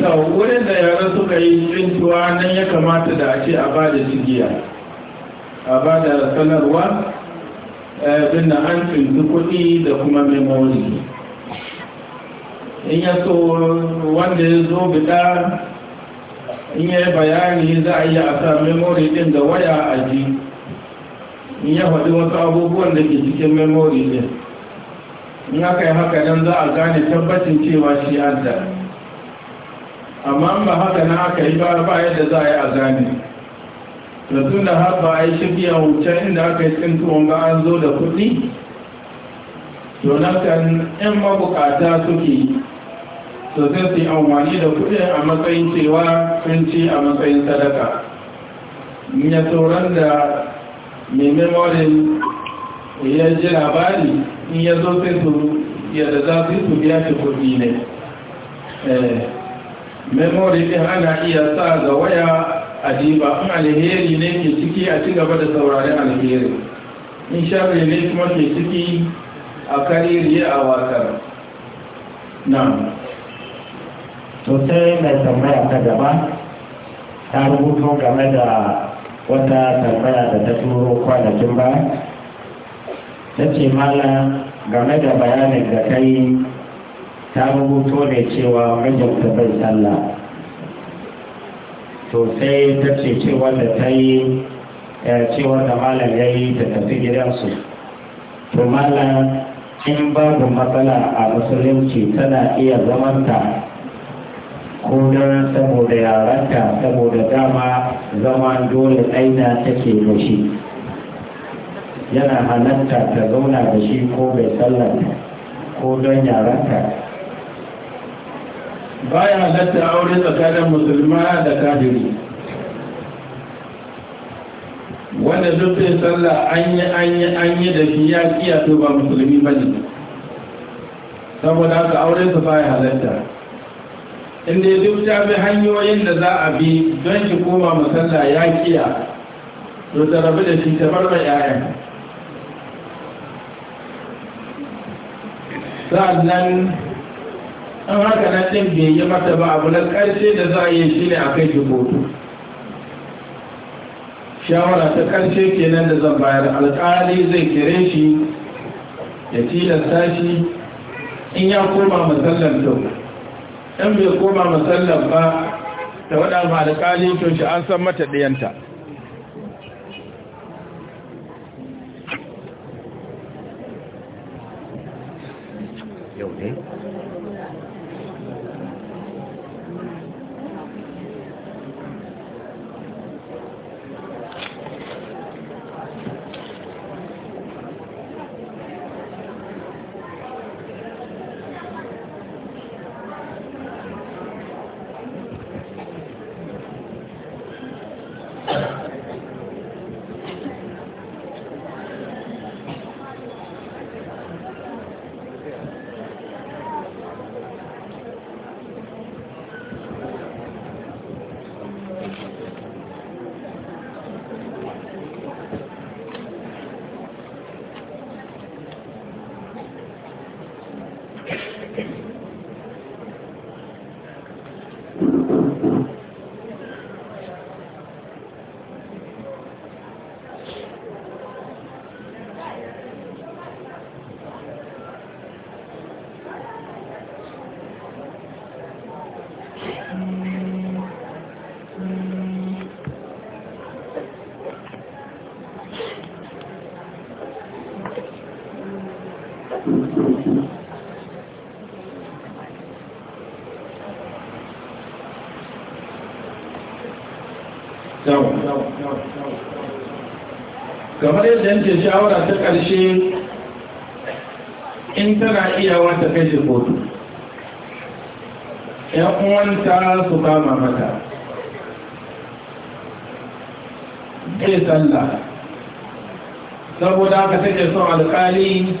sau wurin da yaran suka yi tsintuwa nan ya kamata da a ce a ba da cigiya a ba da sanarwa eh, abin da an tsinci kuɗi da kuma memori in ya so wanda ya zo bida in ya yi bayani za a yi a sa memory din da waya a ji in ya faɗi wasu abubuwan da ke cikin memory din in aka yi haka don za a gane tabbacin cewa shi adda amma ba haka na aka yi ba ba yadda za a yi a gane da tun da har ba a yi shirya wucen inda aka yi tsintuwan ba an zo da kuɗi donakan 'yan mabukata suke to sai su yi amfani da kuɗi a matsayin cewa sun ci a matsayin sadaka ya tsoron da mai memorin ya ji labari in ya zo sai su yadda za su yi su biya shi kuɗi ne eh, Memori ɗin ana iya sa ga waya a jiba in alheri ne ke ciki a ci gaba da saurari alheri in sharri ne kuma ke ciki a kariri a wakar na sosai mai tambaya ta gaba ta rubuto game da wata tambaya da ta turo kwanakin ba ta ce mala game da bayanin da ta yi ta rubuto ne cewa mijinta bai sallah sosai ta ce cewa da ta yi eh, cewa da malam ya yi ta tafi gidansu to malam in babu matsala a musulunci tana iya zamanta ko don saboda yaranta saboda dama zama dole aina take da shi yana halatta ta zauna da shi ko bai sallanta ko don yaranta Ba ya halatta aure tsakanin musulma da kafiri wanda duk zai sallah an yi an yi an yi da shi ya kiyato ba musulmi ba ne saboda haka aure su ya halatta inda ya duk ta bi hanyoyin da za a bi don ki koma masalla ya kiya to ta rabu da shi ta bar yayan sa'annan an haka na cin bai yi mata ba abu na ƙarshe da za a yi shi ne a kai ki kotu shawara ta ƙarshe kenan da zan bayar alƙali zai kire shi ya tilasta shi in ya koma masallar tau ɗan bai koma musallar ba ta waɗa ma alƙali to shi an san mata ɗiyanta yau ne kamar yadda yanke shawara ta ƙarshe in tana iyawa ta kai shi kotu ya uwanta su kama mata bai sallah saboda haka take son alƙali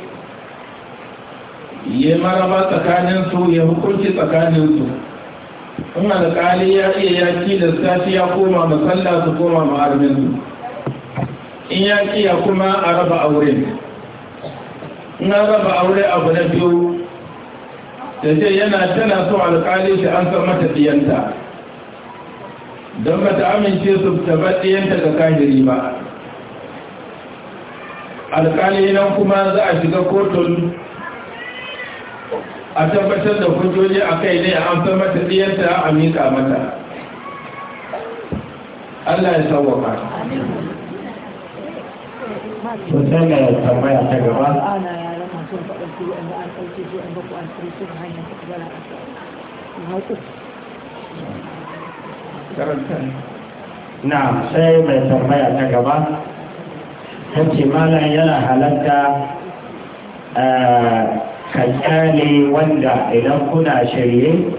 ya maraba tsakaninsu ya hukunci tsakaninsu in alƙali ya iya yaki da safiya koma masalla su koma ma'arminsu in ya kiya kuma a raba aure in na raba aure abu na biyu da ce yana tana so alkali shi an san mata diyanta don ba ta amince su ba diyanta ga kahiri ba alkali nan kuma za a shiga kotun a tabbatar da hujjoji a kai ne an san mata diyanta a miƙa mata Allah ya sauwaka. to sai ga tambaya ta gaba na sai mai tambaya ta gaba ta malam yana halatta eh, ka kyale wanda idan kuna shirye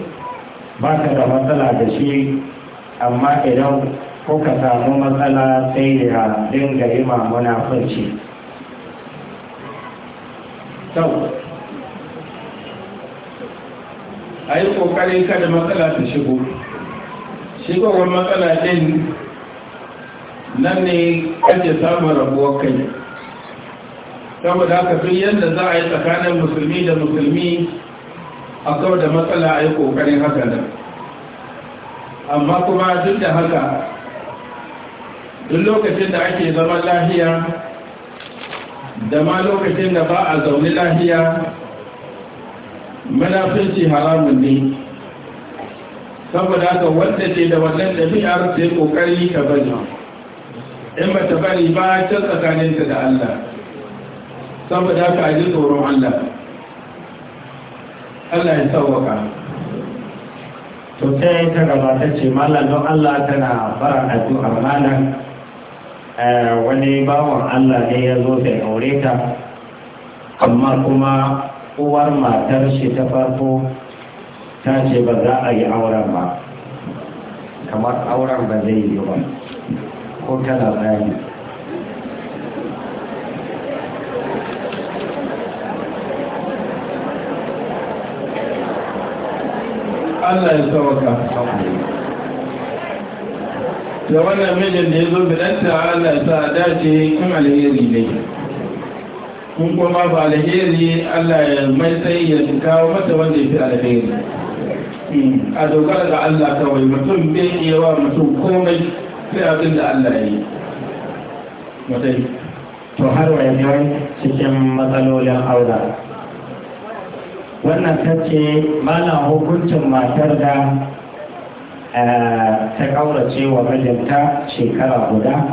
ba ka da matsala da shi amma idan kuka samu matsala sai da dinga yi mamuna fulci sau a yi ƙoƙarin kada matsala ta shigo shigowar matsala ɗin nan ne ake samun rabuwar kai saboda haka duk yadda za a yi tsakanin musulmi da musulmi a kawo da matsala a yi ƙoƙarin haka nan amma kuma duk da haka duk lokacin da ake zaman lahiya da ma lokacin da ba a zaune lahiya munafinci haramun ne saboda haka wanda ke da wannan ɗabi'ar sai kokari ka bari in ba ta bari ba can tsakaninta da Allah saboda haka ji tsoron Allah Allah ya sauwaka to sai ta gaba ta ce malam don Allah tana fara addu'ar malam Eh, wani bawan Allah ne ya zo da aure ta amma kuma uwar matar shi ta farko ta ce ba za a yi auren ba kamar auren ba zai yi ba ko tana bayani Allah ya tsawaka da wannan mijin da ya zo bidanta ala sa dace kun alheri ne kun kuma ba alheri Allah ya mai tsayi ya kawo mata wanda ya fi alheri a dokar da Allah kawai mutum bai iya wa mutum komai sai abin da Allah ya yi mutai to har wa yanzu cikin matsalolin aura wannan tace malam hukuncin matar da Eh, ta ƙaurace wa mijinta shekara guda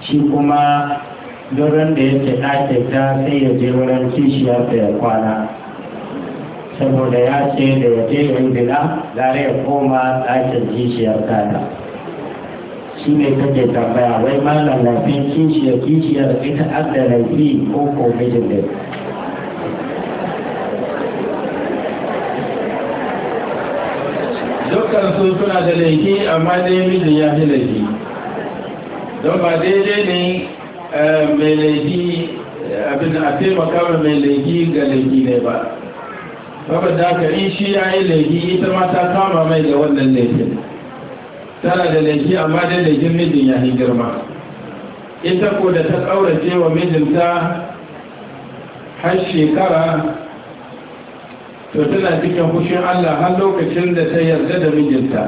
shi kuma durin da yake ɗake ta sai ya je wurin ta ya kwana saboda ya ce da ya je yin dina gare ya koma ɗakin kishiyar tata shi ne kake tambaya wai malam lafi kishiyar kishiyar ita adda laifi ko ko mijin da dukansu suna da laifi amma dai mijin ya fi laifi don ba daidai ne eh, mai laifi eh, abin a taimaka ma mai laifi ga laifi ne ba babu da aka yi shi ya yi laifi ita ma ta kama mai da wannan laifin tana da laifi amma dai laifin mijin ya fi girma ita ko da ta ƙaurace wa mijinta har shekara to tana cikin fushin Allah har lokacin da ta yarda da mijinta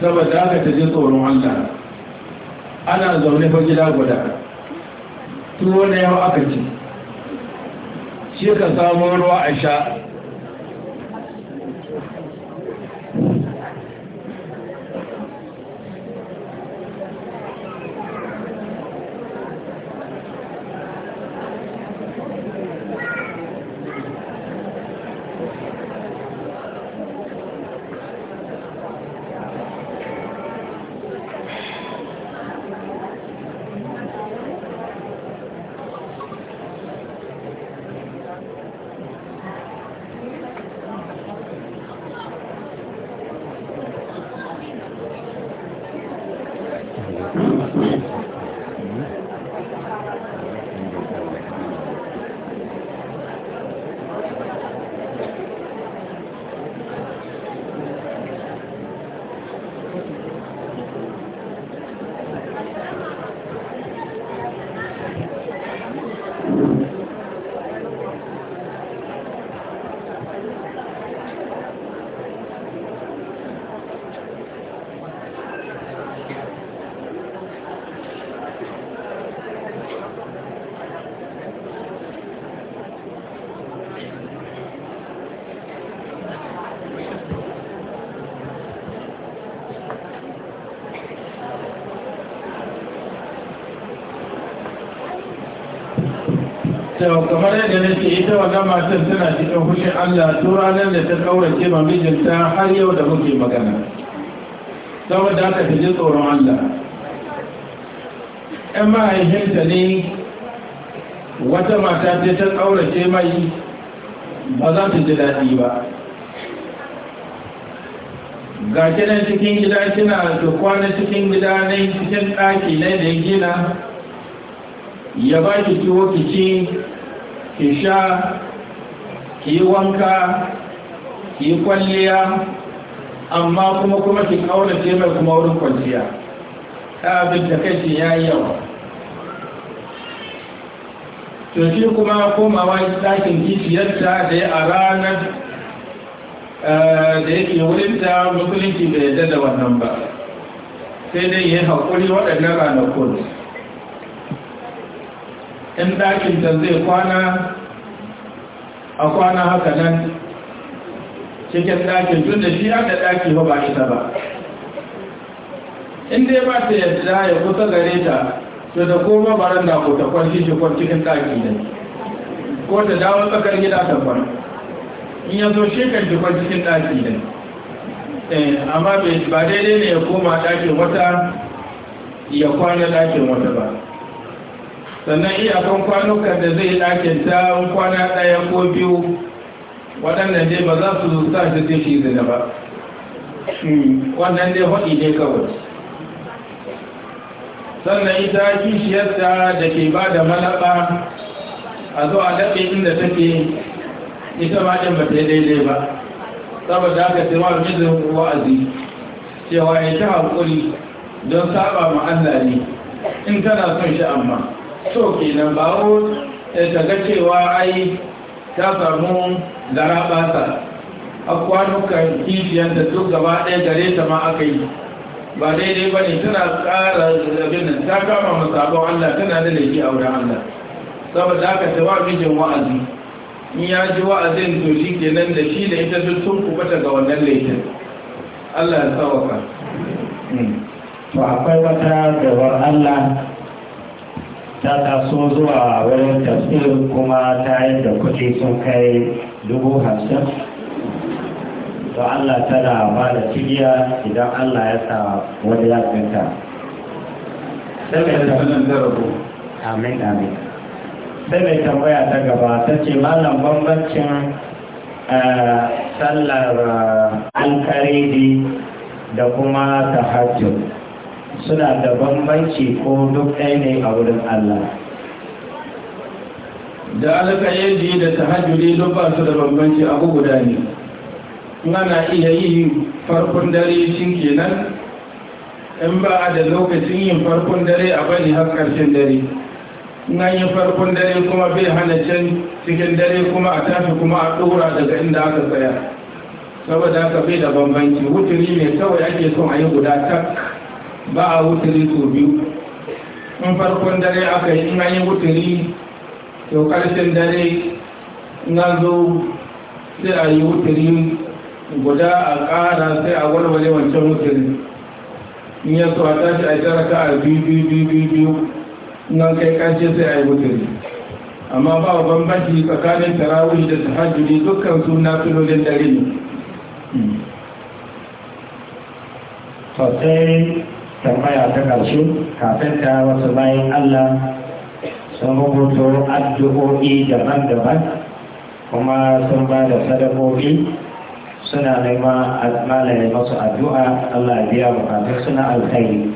saboda haka ta ji tsoron Allah ana zaune fa gida guda tuwo na yawa aka ci shi ka samu ruwa a sha da kamar yadda nake ita wannan matar suna cikin hushin Allah to ranar da ta kaurace ma mijinta har yau da muke magana saboda da aka ji tsoron Allah Yan mahaifinta ne wata mata ce ta kaurace mai ba za ta ji daɗi ba ga kinan cikin gida kina da kwana cikin gida na cikin ɗaki na da gina ya ba ki ciwo ki ci ki sha ki yi wanka ki yi kwalliya amma kuma kuma ki kaurace mai kuma wurin kwanciya ta abin da kai ya yi yawa to shi kuma komawa ɗakin kishiyarta da ya a ranar eh, da yake wurinta musulunci bai yadda da wannan ba sai dai ya yi haƙuri waɗannan ranakun in ɗakinta zai kwana a kwana haka nan cikin ɗakin tun da shi da ɗaki ba shi ita ba in dai ba ta yadda ya kusa gare ta to da koma baran da ko ta kwanci shi kwanci cikin daki ne ko ta dawo tsakar gida ta kwan in ya zo shi kan shi kwan cikin daki ne eh, amma ba daidai ne ya koma ɗakin wata ya kwana ɗakin wata ba sannan iyakan kwanukan da zai ɗakin ta kwana ɗaya ko biyu waɗannan dai ba za su sa su shi zina ba wannan dai haɗi ne kawai sannan ita kishiyarta da ke ba da malaba a zo a daɗe inda take ita ma ɗin ba ta daidai ba saboda aka ce ma mijin wa'azi cewa ya ta haƙuri don saba ma in tana son shi amma so kenan ba o eh, ta ga cewa ai ta samu garabasa a kwanukan kijiyar da duk gaba ɗaya gare ta ma aka yi ba daidai ba ne tana ƙara nan ta kama masabon allah tana da laifi a wurin allah saboda aka tawa mijin wa'azi in ya ji wa'azin to shi ke nan da shi da ita duk sun ta ga wannan laifin allah ya sawaka hmm. to akwai wata gawar allah ta taso zuwa wurin tafsir kuma ta yi da kuɗi sun kai dubu hamsin to Allah tana ba da cigiya idan Allah ya sa wani ya Amin amin. Sai mai tambaya ta gaba ta ce malam bambancin eh, sallar eh, alkaridi da kuma ta hajjo suna da bambanci ko duk ɗaya ne a wurin Allah da alƙayyadi da ne duk ba su da bambanci abu guda ne ana iya yi farkon dare shi kenan in ba a da lokacin yin farkon dare a bani har ƙarshen dare nan yi farkon dare kuma bai hana can cikin dare kuma a tafi kuma a ɗora daga inda aka tsaya saboda aka bai da bambanci wuturi ne kawai ake son a yi guda tak ba a wuturi sau biyu in farkon dare aka yi in an yi wuturi to karshen dare na zo sai a yi wuturi guda a kara sai a walwale wancan wuturi in ya so a tashi a jaraka a biyu biyu biyu kai ƙarshe sai a yi wuturi amma ba bambanci tsakanin tarawih da tahajjudi dukkan su na filolin dare ne hmm. tambaya ta ƙarshe kafin ta wasu bayan Allah sun rubuto addu'o'i daban-daban kuma sun ba da sadakoki suna nema malaye masu addu'a Allah biya bukatun suna alkhairi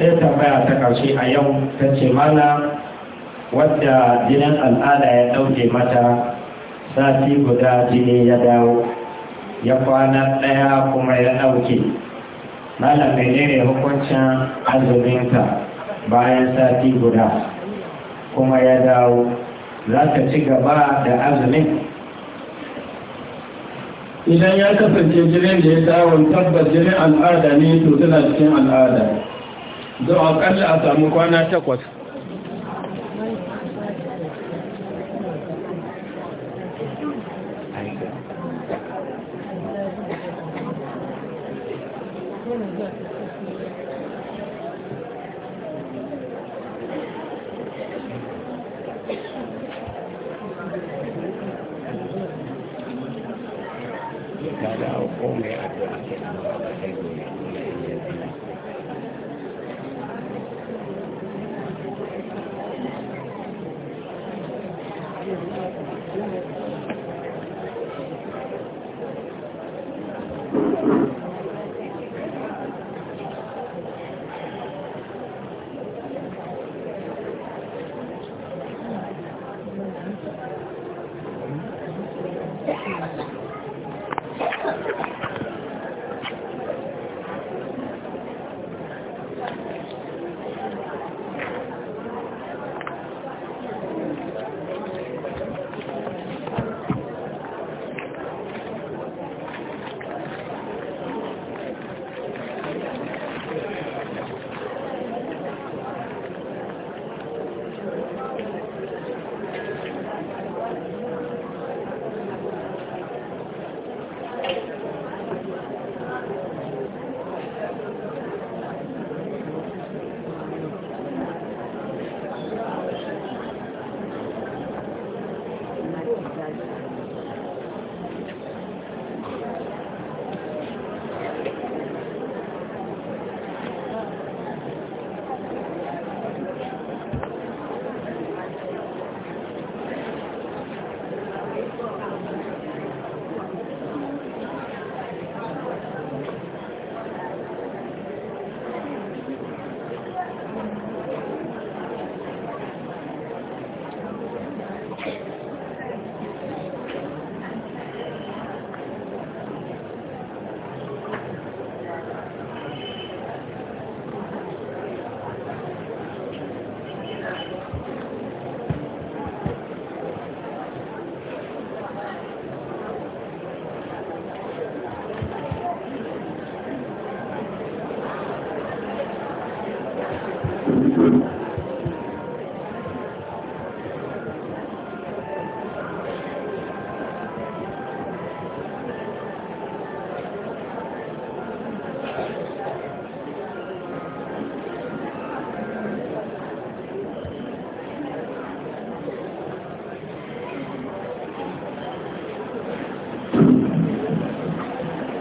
sai tambaya ta ƙarshe a yau ta ce mana wadda jinin al'ada ya ɗauke mata sati guda jini ya dawo ya kwana ɗaya kuma ya ɗauke malam menene hukuncin azuminka bayan sati guda kuma ya dawo za ka ci gaba da azumin idan ya kasance jirin da ya dawo tabbas jirin al'ada ne to tana cikin al'ada zuwa ƙarshe a samu kwana takwas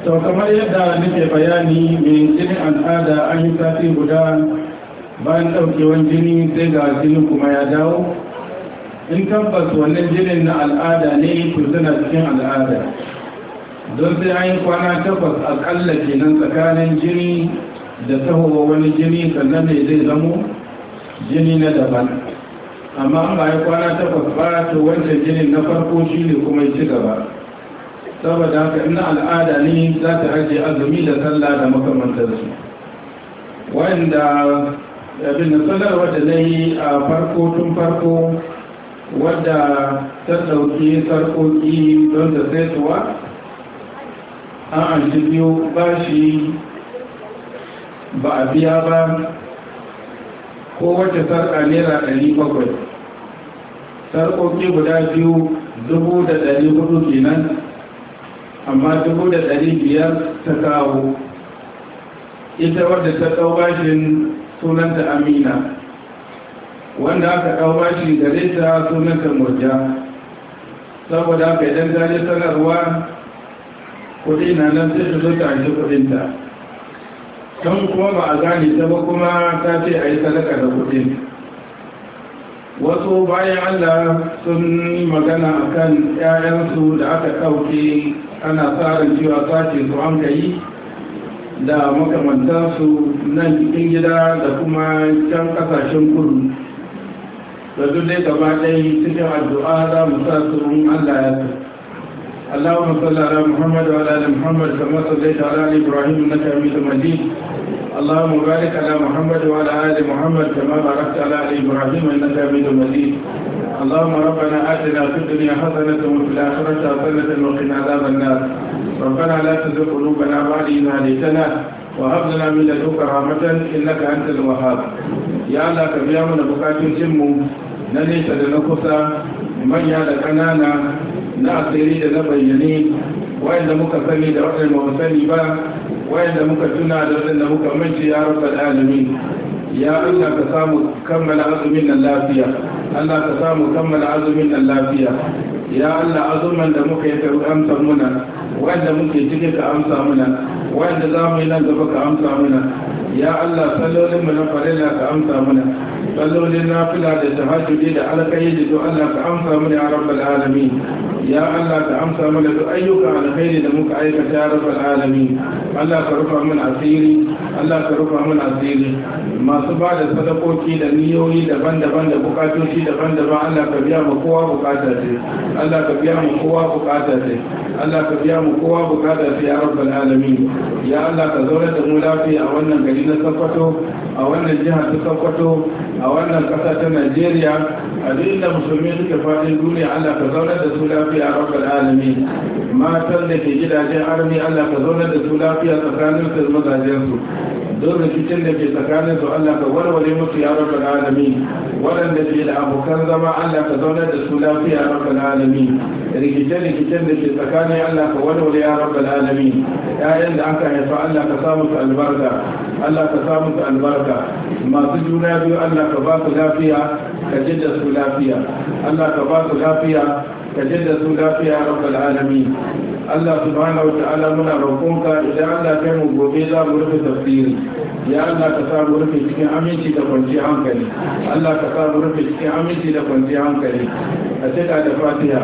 to kamar yadda nake bayani mai jini al'ada an yi sati guda bayan ɗaukewan jini sai ga jini kuma ya dawo in tabbas wannan jinin na al'ada ne ku suna cikin al'ada don sai an yi kwana takwas akalla kenan tsakanin jini da tahowa wani jini sannan ne zai zamo jini na daban amma an ba kwana takwas ba to wancan jinin na farko shi ne kuma ya ci gaba saboda haka ina al'ada ne za ta ajiye azumi da sallah da makamantarsu wanda abin sallar wadda na yi a farko tun farko wadda ta ɗauki sarƙoƙi don da saituwa an an biyu ba shi ba a biya ba ko wacce sarƙa naira ɗari bakwai sarƙoƙi guda biyu dubu da ɗari hudu kenan amma dubu da ɗari biyar ta kawo ita wadda ta ɗau bashin sunanta amina wanda aka ɗau bashi gare ta sunanta murja saboda aka idan ta sanarwa kuɗi na nan sai su zo ta shi kuɗinta Dan kuma ba a gane ta ba kuma ta ce a yi sadaka da kuɗin wasu bayan allah sun magana a kan 'ya'yansu da aka ɗauke ana tsarin cewa sace su an yi da makamantansu nan cikin gida da kuma can ƙasashen kudu da duk dai gaba ɗaya cikin addu'a za mu sa su allah ya اللهم صل على محمد وعلى ال محمد كما صليت على ال ابراهيم انك حميد مجيد اللهم بارك على محمد وعلى ال محمد كما باركت على ال ابراهيم انك حميد مجيد اللهم ربنا آتنا في الدنيا حسنة وفي الآخرة حسنة وقنا عذاب النار ربنا لا تزغ قلوبنا بعد إذ هديتنا وهب لنا من لدنك رحمة إنك أنت الوهاب يا الله كبيا من بكاتين جمو نليس لنكسا manya da ƙanana na asiri da na bayyane wayanda muka sani da waɗanda ba sani ba wayanda muka tuna da waɗanda muka mance ya da alamin ya Allah ka samu kammala azumin nan lafiya Allah ka samu kammala azumin nan lafiya ya Allah azuman da muka yi ka amsa muna wanda muke cikin ka amsa muna wanda za mu yi nan gaba ka amsa muna ya Allah sallolin mu na farilla ka amsa muna sallolin nafila da tahajjudi da alƙayyadi don Allah ka amsa mini ya rabbal alamin ya Allah ka amsa mana duk ayyukan alkhairi da muka aikata ya rabbal alamin Allah ka rufa mana asiri Allah ka rufa mana asiri masu ba da sadakoki da niyoyi daban-daban da bukatoci daban-daban Allah ka biya mu kowa bukata ce Allah ka biya mu kowa bukata ce Allah ka biya mu kowa bukata ce ya rabbal alamin ya Allah ka zauna da mu lafiya a wannan gari na Sokoto a wannan jihar ta Sokoto a wannan kasa ta Najeriya a duk inda musulmi suke faɗin duniya Allah ka zauna da su lafiya ya rabbal alamin matan da ke gidajen armi Allah ka zauna da su lafiya tsakanin su da mazajen su don rikicin da ke tsakanin su Allah ka warware musu ya rabbal alamin waɗanda ke da abokan zama Allah ka zauna da su lafiya ya rabbal alamin rikice-rikicen da ke tsakanin Allah ka warware ya rabbal alamin ƴaƴan da aka haifa Allah ka samu su albarka Allah ka samu su albarka masu juna biyu Allah ka ba su lafiya ka jidda su lafiya Allah ka ba su lafiya ka jadda su lafiya rabbal alami Allah subhanahu wa ta'ala muna roƙonka idan Allah kai mu gobe za mu rufe tafsiri ya Allah ka sa mu rufe cikin aminci da kwanciyar hankali Allah ka sa mu rufe cikin aminci da kwanciyar hankali a cika da Fatiha